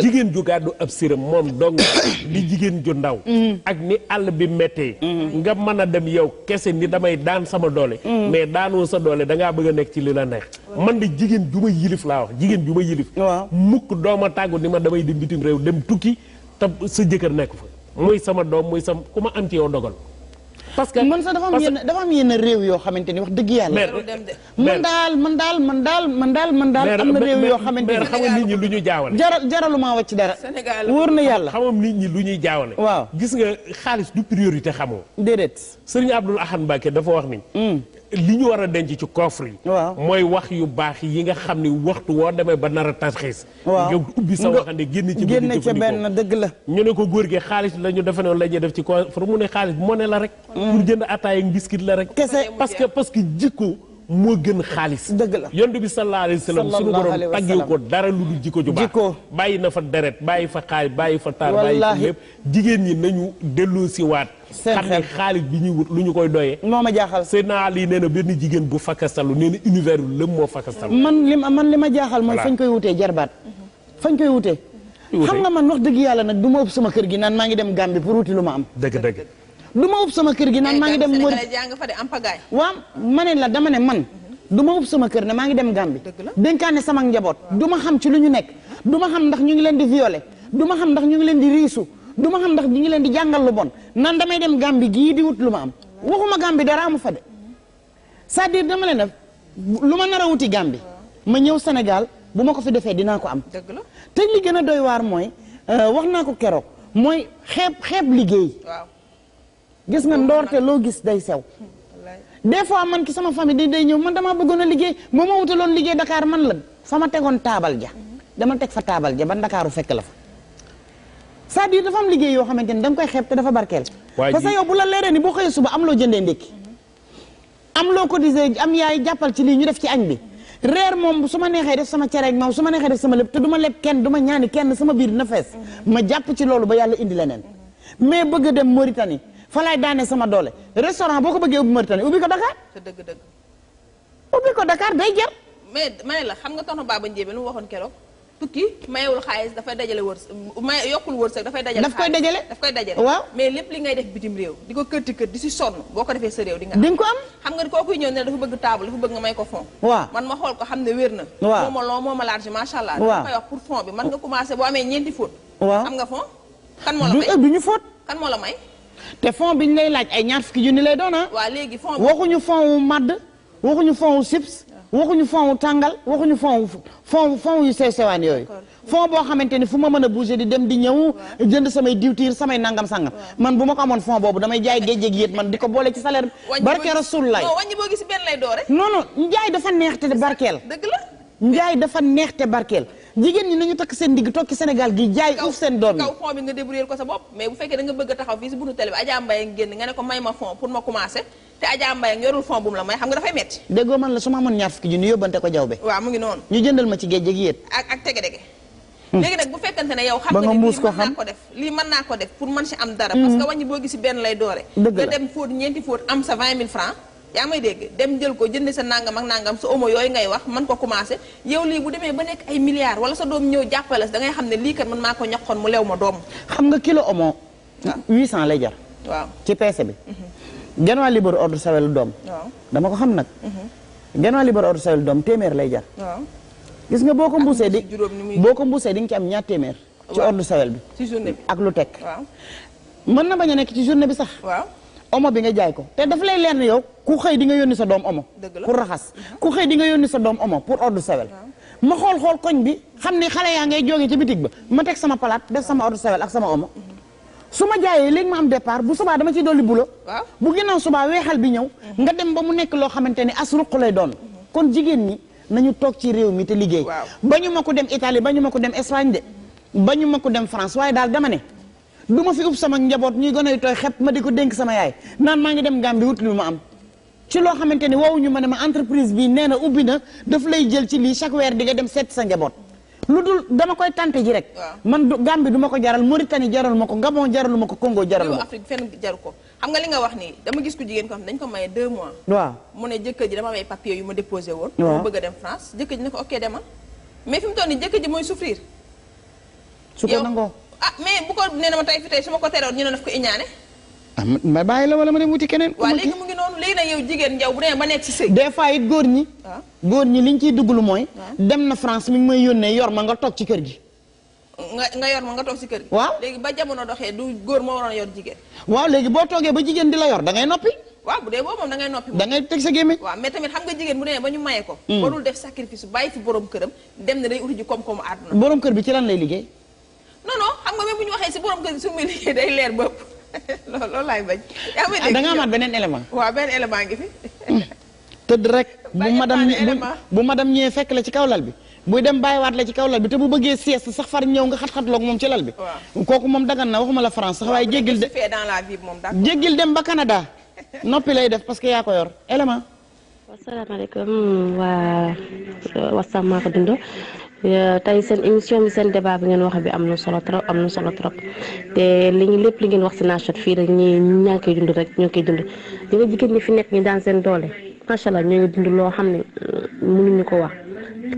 jigéen ju gàddu ab siram moom dong di jigéen ju ndaw. Mm. ak ni àll bi méttee. Mm. nga mën a dem yow kese ni damay daan sama doole. mais daanoo sa doole da ngaa bëgg a nekk ci li la neex. man de jigéen ju ma yilif laa wax jigéen ju ma yilif. mukk dooma tàggu ni ma damay dem bitim réew dem tukki te sa jëkkër nekk fa. muy sama doom muy sama ku ma am ci yow dogal. parce que man sax dafa am yenn dafa am réew yoo xamante ni wax dëgg yàlla. man daal man daal man daal man daal man daal am na réew yoo xamante ni xam nga nit ñi lu ñuy jaawale. jaral jaraluma wàcc dara. Sénégal wóor na yàlla xamam nit ñi lu ñuy jaawale. waaw gis nga xaalis du priorité xamoo. déedéet. Serigne Abdoul Ahad Mbacké dafa wax ni. Hmm. li ñu war a denc ci coffre yi. waaw mooy wax yu baax yi nga xam ni waxtu woo demee ba nar a tas xiis. waaw nga ubbi sa waxande génn ci. génn ci benn dëgg la. ñu ne ko góor gi xaalis la ñu defe noonu la ñuy def ci coffre mu ne xaalis ne la rek. Mm. pour jënd ataaya ak biscuit la rek. kese parce que parce que jikko. moo gën xaalis. dëgg la yonent bi sallallahu alayhi wa sallam suñu borom taggewu ko dara lu dul jikko ju baax bàyyi na fa deret bàyyi fa xaalis bàyyi fa taar bàyyi fa lépp jigéen ñi nañu delloo si waat xam ne xaalis bi ñuy wut lu ñu koy doyee moo ma jaaxal Seydina Ali nee na benn jigéen bu fakkastalu nee na univers bi lépp moo fakkastalu man li man li koy wutee jarbaat fañ nga man wax dëgg yàlla nag du ma sama kër gi naan maa ngi dem Gambie pour wuti lu ma am dëgg dëgg du ma ëpp sama kër gi naan maa ngi dem Mauritanie jàng fa am pagaay waaw ma ne la dama ne man du ma ëpp sama kër ne maa ngi dem Gambie dénkaane sama njaboot du ma xam ci lu ñu nekk du ma xam ndax ñu ngi leen di violer du ma xam ndax ñu ngi leen di riisu du ma xam ndax ñu ngi leen di jàngal lu bon nan damay dem Gàmbi gii di wut lu ma am waxuma Gàmbi dara amu fa de cest à dama leen def lu ma nar a wuti Gàmbi ma ñëw senegal bu ma ko fi defee dinaa ko am. dëgg la te li gën a doy waar mooy euh, wax naa ko keroog mooy xeeb xeeb liggéey. gis nga ndoorte loo gis day sew. des fois man ki sama famille day ñëw man damaa bëggoon liggéey ba ma wutaloon liggéey Dakar man la fa ma tegoon taabal ja. Mm-hmm. dama teg fa taabal ja ba Ndakaaru fekk la fa. cest à dafa am liggéey yoo xamante ni da koy xeeb te dafa barkeel parce que yow bu la leeree ni boo xëyee suba am loo jëndee ndékki am loo ko disee am yaay jàppal ci lii ñu def ci añ bi reer moom su ma neexee def sama cere ak moom su ma neexee def sama lépp te du ma leb kenn du ma ñaani kenn sama biir dina fees ma jàpp ci loolu ba yàlla indi leneen mais bëgg a dem Mauritanie fa laay daane sama doole restaurant boo ko bëggee ubbi Mauritanie ubbi ko Dakar dëgg dëgg ubbi ko Dakar day jar mais may la xam nga tonton Baba Ndiébe lu mu waxoon keroog tukki mayewul xaalis dafay dajale wërs may yokkul wërsëg dafay dajale daf koy dajale daf koy dajale waaw mais lépp li ngay def bitim réew di ko kërti kër di si sonn boo ko defee sa réew di ko am xam nga kookuy ñëw ne dafa bëgg table dafa bëgg nga may ko fond waaw man ma xool ko xam ne wér na waaw moo ma long moo ma large macha allah dama koy wax pour fond bi man nga commencé boo amee ñeenti fóot waaw am nga fond kan moo la may te fond bi ñu lay waxuñu fond tàngal waxuñu fond wu fond fond yu sew sewaan yooyu fond boo xamante ni fu ma mën a bouger di dem di ñëw jënd samay diwtiir samay nangam sangam man bu ma ko amoon fond boobu damay jaay géej yéet man di ko boole ci salaire barke rasulullaay wàññi boo gis benn lay doore njaay dafa neex te barkeel dëgg la njaay dafa neex te barkeel jigéen ñi nañu takk seen digg tokki Sénégal gi jaay uuf seen doom yi nga débrouiller ko sa bopp mais bu fekkee da bëgg a taxaw fii si buntu ne ko ma fond pour ma te Adja Mbaye ak yorul fond bu mu la may xam nga dafay metti déggoo man la su ma amoon ñaar fukki junni yóbbante ko jawbe waaw mu ngi noonu ñu jëndal ma ci géej ak yéet ak tege dege hmm. léegi bu fekkante ne yow xam nga ni lii mën naa ko def lii man naa ko def pour mën si am dara hmm. parce que wàññi boo gis benn lay doore nga dem fóot ñeenti fóot am dem jël ko jënd sa nangam ak nangam sa omo yooyu ngay wax man ko commencé yow lii bu demee ba nekk ay milliards wala sa doom ñëw jàppale da ngay xam ne lii kat man maa ko ñaqoon mu lew ma doom xam nga kilo omo 800 ah. lay jar waaw ci peese bi mhm. genn waa libre ordre sawelu doom dama ko xam nag mhm. genn waa libre ordre sawelu doom téeméer lay jar gis nga boo ko mbuusee di boo ko mbuusee di nga ci am ñaar téeméer ci ordre sawel bi ci ak lu teg mën na bañ a nekk ci journée bi sax omo bi nga jaay ko te daf lay leer ne yow ku xëy di nga yónni sa doom omo pour raxas mhm. ku xëy di nga yónni sa doom omo pour ordre sawel ma xool xool koñ bi xam ne xale yaa ngay jóge ci bitig ba ma teg sama palaat def sama ordre sawel ak sama omo mhm. su ma jaayee léegi ma am départ bu subaa dama ciy dolli bulo bu ginnaaw subaa weexal bi ñëw nga dem ba mu nekk loo xamante ni as ruq lay doon kon jigéen ñi nañu toog ci réew mi te liggéey ba ñu ma ko dem itali ba ñu ma ko dem Espagne de ba ñu ma ko dem France waaye daal dama ne du ma fi ub sama njaboot ñu gën a tooy xepp ma di ko dénk sama yaay naan maa ngi dem Gambie wut ma am ci loo xamante ni woowu ñu ma ne ma entreprise bi nee na ubbi na daf lay jël ci lii chaque weer di nga dem seet sa njaboot lu dul dama koy tante ji rek. man du Gambie du ma ko jaral Mauritanie jaral ma ko Gabon jaral ma ko Congo jaral ma ko. Afrique fenn jaru ko xam nga li nga wax nii dama gis ku jigéen ko xam dañ ko maye 2 mois. waaw mu ne jëkkër ji dama am ay papiers yu ma déposé woon. waaw mu bëgg a dem France jëkkër ji ne ko ok demal mais fi mu toll nii jëkkër ji mooy souffrir. su ko nangoo ah mais bu ko nee na ma tey fi tey su ma ko terewoon ñu ne def ko iñaane Ah, ma bàyyi la wala ma dem wuti keneen. waaw léegi mu ngi noonu léegi nag yow jigéen njaw bu demee ba nekk ci sëy. des it ah. góor ñi. liñ ciy dugglu mooy. Ah. dem na France mi ngi may yónnee yor ma nga toog ci kër gi. nga nga yor ma nga toog ci kër gi. waaw léegi ba jamono doxee du góor moo waroon yor jigéen. waaw léegi boo toogee ba jigéen di la yor da ngay noppi. waaw bu dee boobu moom da ngay noppi. da teg sa gémmiñ. waaw mais tamit xam nga jigéen bu dee ba ñu maye ko. Hmm. warul def sacrifice bàyyi fi borom këram dem na day uti koom-koomu àdduna. borom kër ci lan lay liggéey. non non xam nga même bu ñu waxee ci loolu laay bañ. Ah, da nga amaat beneen élément. waaw beneen élément ngi fi. tëdd rek bu madam bu madam ñëwee fekk la ci kaw lal bi. buy dem bàyyiwaat la ci kaw lal bi te bu bëggee sieste sax far ñëw nga xat-xatloog moom ci lal bi. kooku moom dagan na waxuma la France sax waaye jéggil de jéggil dem ba Canada. noppi lay def parce que yaa ko yor élément. wasalaamaaleykum waa Wassam maa ko dund Euh, tey seen émission bi seen débat bi ngeen wax bi am na solo trop am na solo trop te li ñu lépp li ngeen wax si naachot fii rek ñi ñaa koy dund rek ñoo koy dund li nga jigéen ñi fi nekk ñi daan seen doole macha allah ñoo ngi dund loo xam ne euh, mënuñu ko wax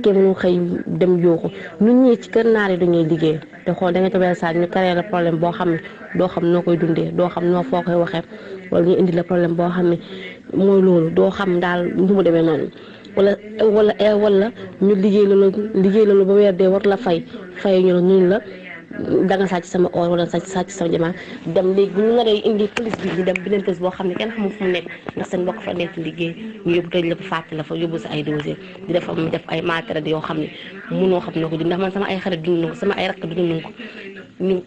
kenn mënu xëy dem yooxu ñun ñii ci kër naar yi dañuy liggéey te xool da nga ca saa ñu créé la problème boo xam ne doo xam noo koy dundee doo xam noo foo koy waxee wala ñu indi la problème boo xam ne mooy loolu doo xam daal lu mu demee noonu wala wala eh, wala ñu liggéey la liggéey la ba weer dee war la fay fay ñu la la da nga sàcc sama or wala sàcc sàcc sama jamaa dem léegi bu ñu naree indi police bi ñu dem beneen police boo xam ne kenn xamul fu mu nekk ndax seen mbokk fa nekk liggéey ñu yóbbu tëj la fa fàtte la fa yóbbu sa ay dossier di def am def ay matériels yoo xam ne mënoo xam ne ko di ndax man sama ay xarit dund na ko sama ay rakk dund ko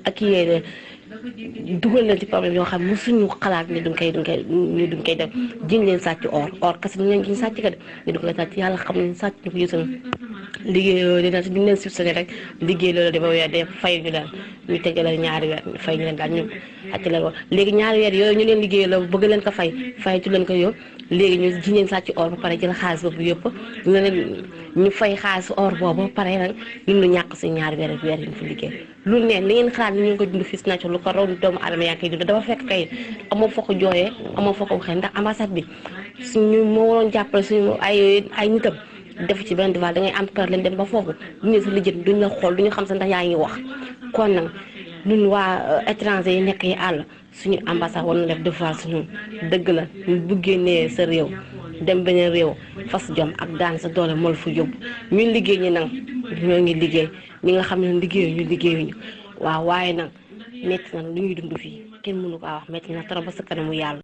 ak dugal nañ ci problème yoo xam ne mosuñu xalaat ne duñ koy duñ koy ne duñ koy def jiñ leen sàcc or or kese duñ leen jiñ sàcc kat ñu duñ koy sàcc yàlla xam ne sàcc ñu ko yësoon liggéey loolu daal ñu rek liggéey loolu weer de fay ñu daal ñu tegalal ñaari weer fay ñu leen daal ñu àcc leen woon léegi ñaari weer yooyu ñu leen liggéey la bëgg leen ko fay fay ci leen ko yow léegi ñu ji leen sàcc or ba pare jël xaalis boobu yëpp ñu fay xaalis or boobu ba pare nag ñun ñu ñàkk suñu ñaari weer weer yi ñu fi liggéey lu ne li ni xalaat ni ñu ngi ko dund fii si nature lu ko raw doomu aadama yaa ngi koy dund dafa fekk kay amoo foo ko jooyee amoo foo ko waxee ndax ambassade bi suñu moo waroon jàppale suñu ay ay nitam def ci benn devoir da ngay am problème dem ba foofu lu ne sa lijjët duñ la xool duñu xam sa ndax yaa ngi wax kon nag ñun waa euh, étranger yi nekk yi àll suñu ambassade war na def devoir si ñun dëgg la ñu buggee nee sa réew dem beneen réew fas jom ak daan sa doole mool fu yóbbu ñun liggéey ñi nag ñoo ngi liggéey ñi nga xam ne liggéey ñu liggéeyuñu waaw waaye nag métti na lu ñuy dund fii kenn mënu ko wax métti na trop ba sa kanamu yàlla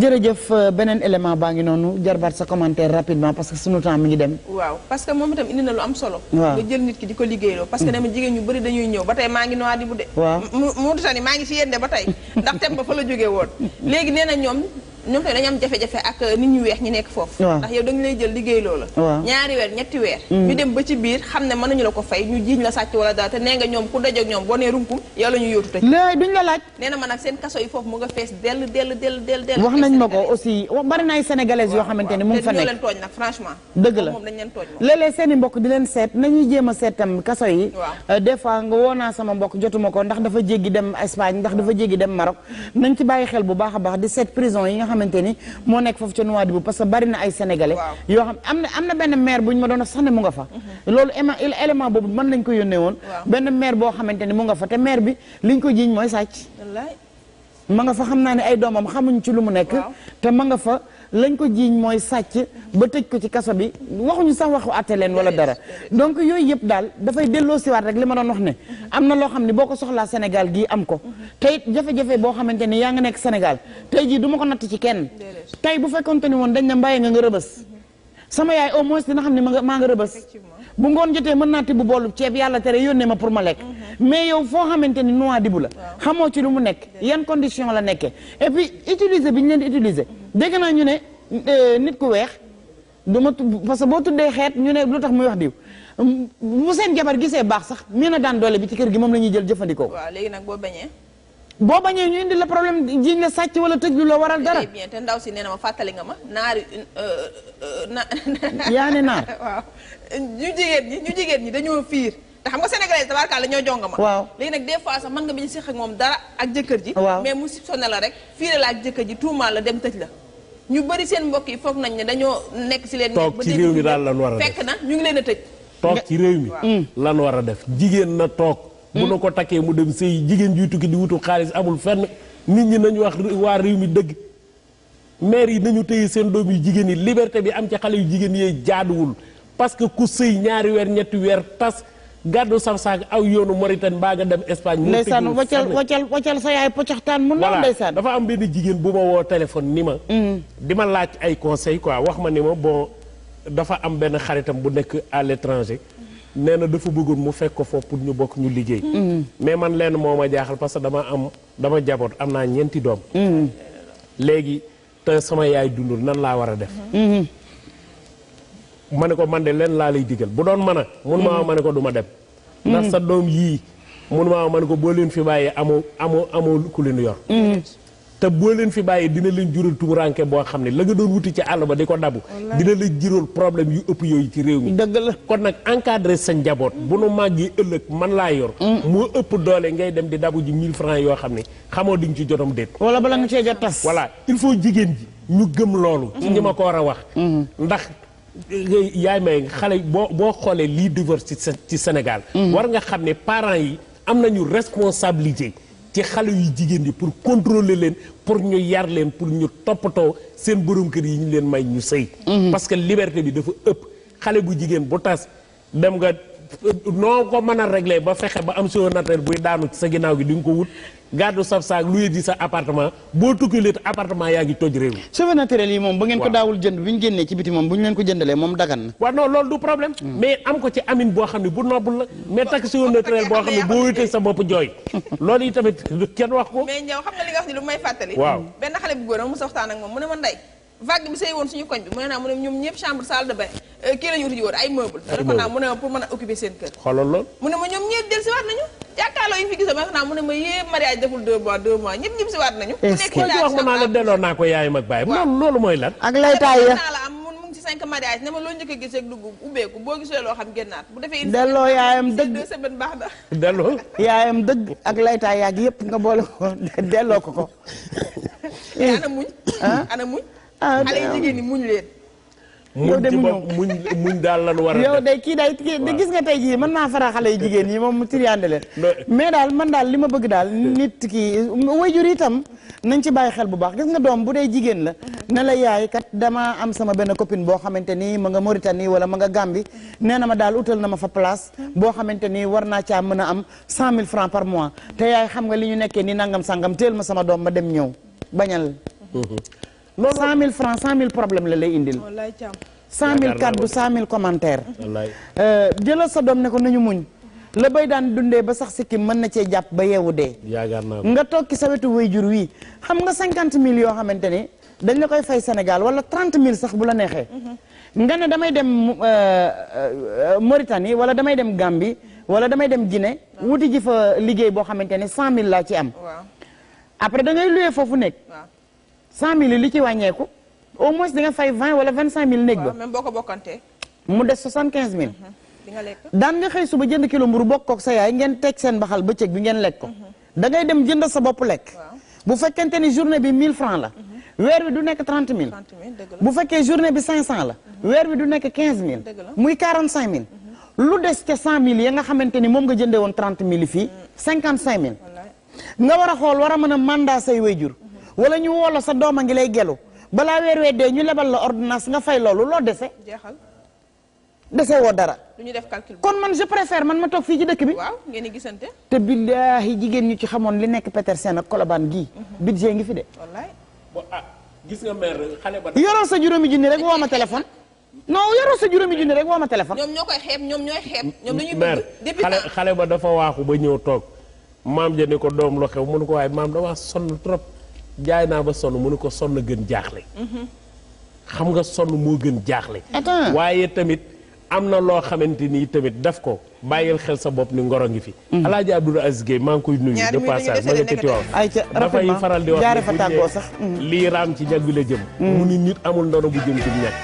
jërëjëf euh, beneen élément baa ngi noonu jarbaat sa commentaire rapidement parce que sunu temps mi ngi dem. waaw parce que moom itam indi na lu am solo. waaw nga jël nit ki di ko liggéeyloo. parce que mm. dama jigéen ñu bëri dañuy ñëw ba tey maa ngi noor di bu de. waaw mu mu maa ngi si yéen de ba tey ndax tem ba fa la jógee woon léegi nee na ñoom ñoom tamit dañu am euh, ñu nekk foofu ndax yow dañu lay jël mm. ba ci biir ne mënuñu la ko fay ñu jiiñ la sàcc wala dara te nee nga ñoom ku dajoog ñoom boo nee rumkum yow la ñu yóotu tëj léegi duñ la laaj nee na ma ko aussi bari na ay sénégalaises yoo a seet tam kaso euh, dafa jéggi dem Espagne ndax dafa jéggi dem Maroc nañ ci bàyyi xel bu baax a baax di seet prison yi xamante ni moo nekk foofu ca Nouadhibou parce que bari na ay sénégalais yoo xam am na benn maire bu ñu ma doon sax ne mu nga fa mhm. loolu élément boobu mën lañ ko yónnee woon benn maire boo xamante ni mu nga fa te maire bi liñ ko jiiñ mooy sàcc ma nga fa xam naa ne ay doomam xamuñ ci lu mu nekk te ma nga fa lañ ko jiiñ mooy sàcc ba tëj ko ci kaso bi waxuñu sax waxu àtte leen wala dara donc yooyu yëpp daal dafay delloo siwaat rek li ma doon wax ne am na loo xam ne boo ko soxlaa Sénégal gii am ko te it jafe-jafe boo xamante ni yaa ngi nekk Sénégal tey jii du ma ko natt ci kenn tey bu fekkonte ni woon dañ na mbaye nga nga rëbës sama yaay au moins dina xam ne ma nga maa nga rëbës bu ngoon jotee mën naa tibb boolu ceeb yàlla tere yónnee ma pour ma lekk mhm. mais yow foo xamante ni Nouadhibou la xamoo ci lu mu nekk yan condition la nekkee et utiliser bi ñu leen di utiliser mhm. dégg naa ñu ne euh, nit ku weex du ma parce que boo tuddee xeet ñu ne lu tax muy wax diw mmh, bu seen jabar gisee baax sax mii na daan doole bi ci kër gi moom la ñuy jël jëfandikoo waaw léegi nag boo bañee boo bañee ñu indi la problème jiñ la sàcc wala tëj lu la waral dara. Eh bien te ndaw si nee na ma fàttali nga ma naari. Euh, euh, yaa naar ñu jigéen ñi ñu jigéen ñi dañoo fiir te xam nga sénégalais tabarkaale ñoo jonga ma léegi nag des fois sax mën nga bi ñu ak moom dara ak jëkkër ji mais mu sonné la rek fiire la ak jëkkër ji tuumaal la dem tëj la ñu bëri seen mbokk yi foog nañ ne dañoo nekk si leen toog ci réew mi daal lan war a def ngi leen a tëj toog ci réew mi mm. lan war a def jigéen na toog mm. bu na ko takkee mu dem sëy jigéen juy tukki di wutu xaalis amul fenn nit ñi nañu wax waa mi dëgg yi nañu téye seen doom yu jigéen yi liberté bi am ci xale yu jigéen yee jaaduwul parce que ku sëy ñaari weer ñetti weer tas gàddu sam saak aw yoonu Mauritanie mbaa nga dem Espagne. ndeysaan waccal waccal waccal sa yaay pocaxtaan mun na ndeysaan dafa am benn jigéen bu ma woo téléphone ni ma. Mm. di ma laaj ay conseil quoi wax ma ni ma boo dafa am benn xaritam bu nekk à l'étranger. nee na dafa bëggoon mu fekk ko foofu pour ñu bokk ñu liggéey. Mm. mais man leen moo ma jaaxal parce que dama am dama jaboot am naa ñeenti doom. Mm. léegi te sama yaay dundul nan laa war a def. Mm-hmm. ma ne ko man de leen laa lay digal bu doon man a mun maa ma ne ko duma dem ndax sa doom yii mun maa ma ne ko boo leen fi bàyyee amoo amoo amoo ku leen yor te boo leen fi bàyyi dina leen jural tumuranke boo xam ne la nga doon wuti ci àll ba di ko dabu dina leen jural problème yu ëpp yooyu ci réew mi dëgg la kon nag encadré sa njaboot bu nu màggee ëllëg man laa yor mm. moo ëpp doole ngay dem di dabu ji 1000 francs yoo xam ne xamoo di ci jotom déet wala bala nga cee jot tas voilà il jigéen ji ñu gëm loolu mm. ko war a wax mm. ndax yaay may xale boo boo xoolee lii divorce ci ci Sénégal. Mm. war nga xam ne parent yi am nañu responsabilité ci xale yu jigéen yi pour contrôler leen pour ñu yar leen pour ñu toppatoo seen borom kër yi ñu leen may ñu sëy. Mm-hmm. parce que liberté bi dafa ëpp xale bu jigéen bu tas dem nga noo ko mën a regle ba fexe ba am soo natel buy daanu ci sa ginnaaw gi di nga ko wut. gàddu saf saag luye di sa appartement boo tukkilee appartement yaa ngi toj réew yi moom. bu ngeen ko daawul jënd bu ñu génnee ci biti moom bu ñu leen ko jëndalee moom dagan na. waaw non du problème. Hmm. mais am ko ci amin boo xam ne bu nobbul la. mais takk cheveux woon suñu koñ bi mu ne naa mu ne ñoom ñëpp chambre salle de bain euh, kii la uti ji woon ay meuble. ay meuble ko naa mu ne pour mën a occuper seen kër. xoolal loolu. mu ne ma ñoom ñëpp dellusiwaat nañu jàkkaarloo yi fi gisoo ma naa mu ne ma yépp mariage deful deux mois deux mois ñëpp ñëpp si waat nañu. est-ce que naa ko yaayam ak baayam. waaw loolu mooy lan. ak lay taay ya la am mu ngi ma loo njëkk a gis ak boo gisee loo xam génnaat bu defee. delloo yaayam dëgg deux semaines baax na. delloo dëgg ak lay taay yaag yëpp nga boole ko delloo ko ko. ana muñ. ana muñ. Ah, xale yi jigéen ñi muñ leen. yow de mu muñ daal la lan war a yow de kii day gis nga tey jii mën naa fara xale yu jigéen yi moom mu tiriyaande leen mais daal man daal li ma bëgg daal nit kii wayjur itam nañ ci bàyyi xel bu baax gis nga doom bu dee jigéen la ne la yaay kat dama am sama benn copine boo xamante ni ma nga nii wala ma nga gàmbi nee na ma daal utal na ma fa place boo xamante ni war naa caa mën a am cent mille francs par mois te yaay xam nga li ñu nekkee nii nangam sangam teel ma sama doom ma dem ñëw bañal mm-hmm. loolu cent mille francs cent mille problème la lay indil cent mille kàddu cent mille commentaire euh, jëlal sa doom ne ko nañu muñ la bay daan dundee ba sax sikkim mën na cee jàpp ba yeewu dee nga toog ci sa wetu waajur wi xam nga cinquante mille yoo xamante ni dañ la koy fay Sénégal wala trente mille sax bu la neexee mhm. nga ne damay dem euh, euh, Mauritanie wala damay dem Gambie wala damay dem Guinée wuti ji fa liggéey boo xamante ne cent mille laa ci am après da ngay luyee foofu cent mille li ci wàññeeku au moins di nga fay vingt wala vingt cinq mille néeg ba même boo ko bokkantee mu des soixante mille mhm. di nga lekk daan nga xëy suba jënd kilo mburu bokk kook sa yaay ngeen teg seen baxal bëccëg bi ngeen lekk ko mhm. da dem jënd sa bopp lekk bu fekkente ni journée bi mille francs la mhm. weer wi du nekk trente mille bu fekkee journée bi cinq cent la weer bi du nekk quinze mille muy quarante cinq mille lu des ca cent mille ya nga xamante ni moom nga jënde woon trente mille fii cinquante cinq mille nga war a xool war mën a mandat say wayjur wala ñu woo la sa doom a ngi lay gelu balaa weer wee dee ñu lebal la ordonnance nga fay loolu loo dese. jeexal dese woo dara. du def calcul kon man je préfère man ma toog fii ci dëkk bi. waaw ngeen di gisante. te billaahi jigéen ñu ci xamoon li nekk seen ak Colobane gii. Mhm. budget ngi fi de. wallaay bon ah, gis nga mère xale ba. yoroo sa juróomi junni rek woo ma téléphone. non yoroo sa juróomi junni rek woo ma téléphone. ñoom ñoo koy xeeb ñoom ñooy xeeb. ñoom dañuy xale ba dafa waaxu ba ñëw toog maam ja ne ko doom lu xew mënu ko waaye maam da waa sonn trop jaay naa ba sonn mu ne ko sonn gën jaaxle. Mhm. xam nga sonn moo gën jaaxle. waaye tamit am na loo xamante nii tamit daf ko bàyyil xel sa bopp ni ngoro ngi fi. El mhm. Hadj Abdoul Aziz Guèye maa ngi koy nuyu. de passage ma nga ko Tiwaawan. dafay faral di wax ne mhm. lii raam ci ñag bi la jëm. mu ni nit amul ndono bu jëm ci ñag.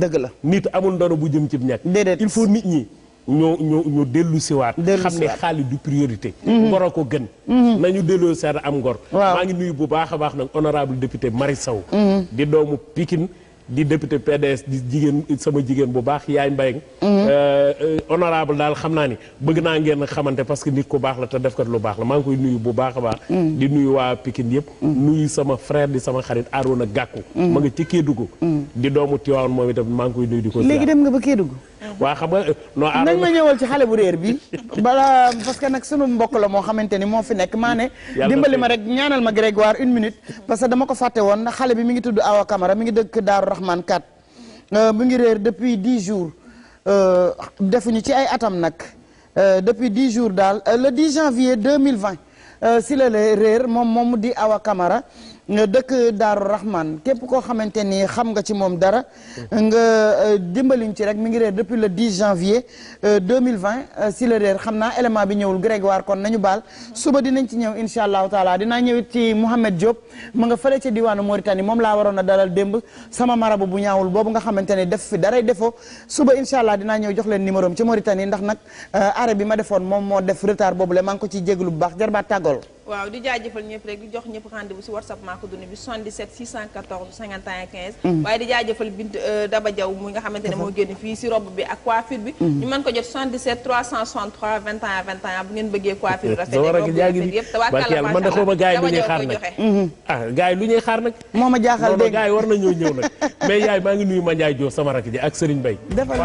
dëgg la nit amul ndono bu jëm ci ñag. il faut nit ñi. ñu ñu ñu dellu siwaat xam ne xaalis du priorité mhm. ngor a ko gën mhm. nañu delloo seen am ngor maa ngi nuyu bu baax a baax nag honorable député Marie Sow mhm. di doomu Pikine di deputé PDS di jigéen sama jigéen bu baax yaay Mbayang euh, euh, honorable daal xam naa ni bëgg naa ngeen xamante parce que nit ku baax la te defkat lu baax la maa ngi koy nuyu bu baax a baax di nuyu waa Pikine yëpp nuyu sama frère di sama xarit a Gakou ma nga ci Kédougou di doomu Tivaouane moom itam maa ngi koy nuyu di ko léegi dem nga ba Kédougou waa xam nga ma ñëwal ci xale bu réer bi balaa parce que nag sunu mbokk la moo xamante ni moo fi nekk maa ne. dimbali ma rek ñaanal ma Grégoire une minute. parce que dama ko fàtte woon xale bi mi ngi tudd Awa Camara mi ngi dëkk Daaru Rahman 4. Euh, mi ngi réer depuis 10 jours euh, defuñu ci ay atam nag euh, depuis 10 jours daal le 10 janvier 2020 si la réer moom moom di Awa Camara. nga dëkk Daaru Rahman képp koo xamante ni xam nga ci moom dara nga euh, dimbaliñ ci rek mu ngi réer depuis le 10 janvier 2020 euh, euh, si la réer xam naa élément bi ñëwul Grégoire kon nañu baal suba dinañ ci ñëw insha allahu taala dinaa ñëwit ci Mouhamed Diop mu nga fële ca diwaanu Mauritanie moom laa waroon a dalal démb sama marabu bu ñaawul boobu nga xamante ni def fi daray defoo suba insha allah dinaa ñëw jox leen numéro am ci Mauritanie ndax nag arrêt bi ma defoon moom moo def retard boobu le maa ngi ko ciy jéglu bu baax jarbaat tàggool waaw di jaajëfal ñëpp rek di jox ñëpp rendez-vous si whatsapp maa ko dund bi 77 614 51 15 waaye di jaajëfal bint euh, Daba Diaw mu nga xamante ne moo génn fii si robe bi ak coiffure bi mm. ñu mën ko jot 77 363 21 21 bu ngeen bëggee coiffure rafet yëpp te waa man da xaw ma gars yi lu ñuy xaar nag mm. ah gars yi lu ñuy xaar nag moo ma jaaxal dégg gars yi war na ñoo ñëw nag mais yaay maa ngi nuyu Mandiaye Diop sama rakk ji ak Serigne Mbaye defal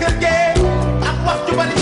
kër gee ak wax ju bari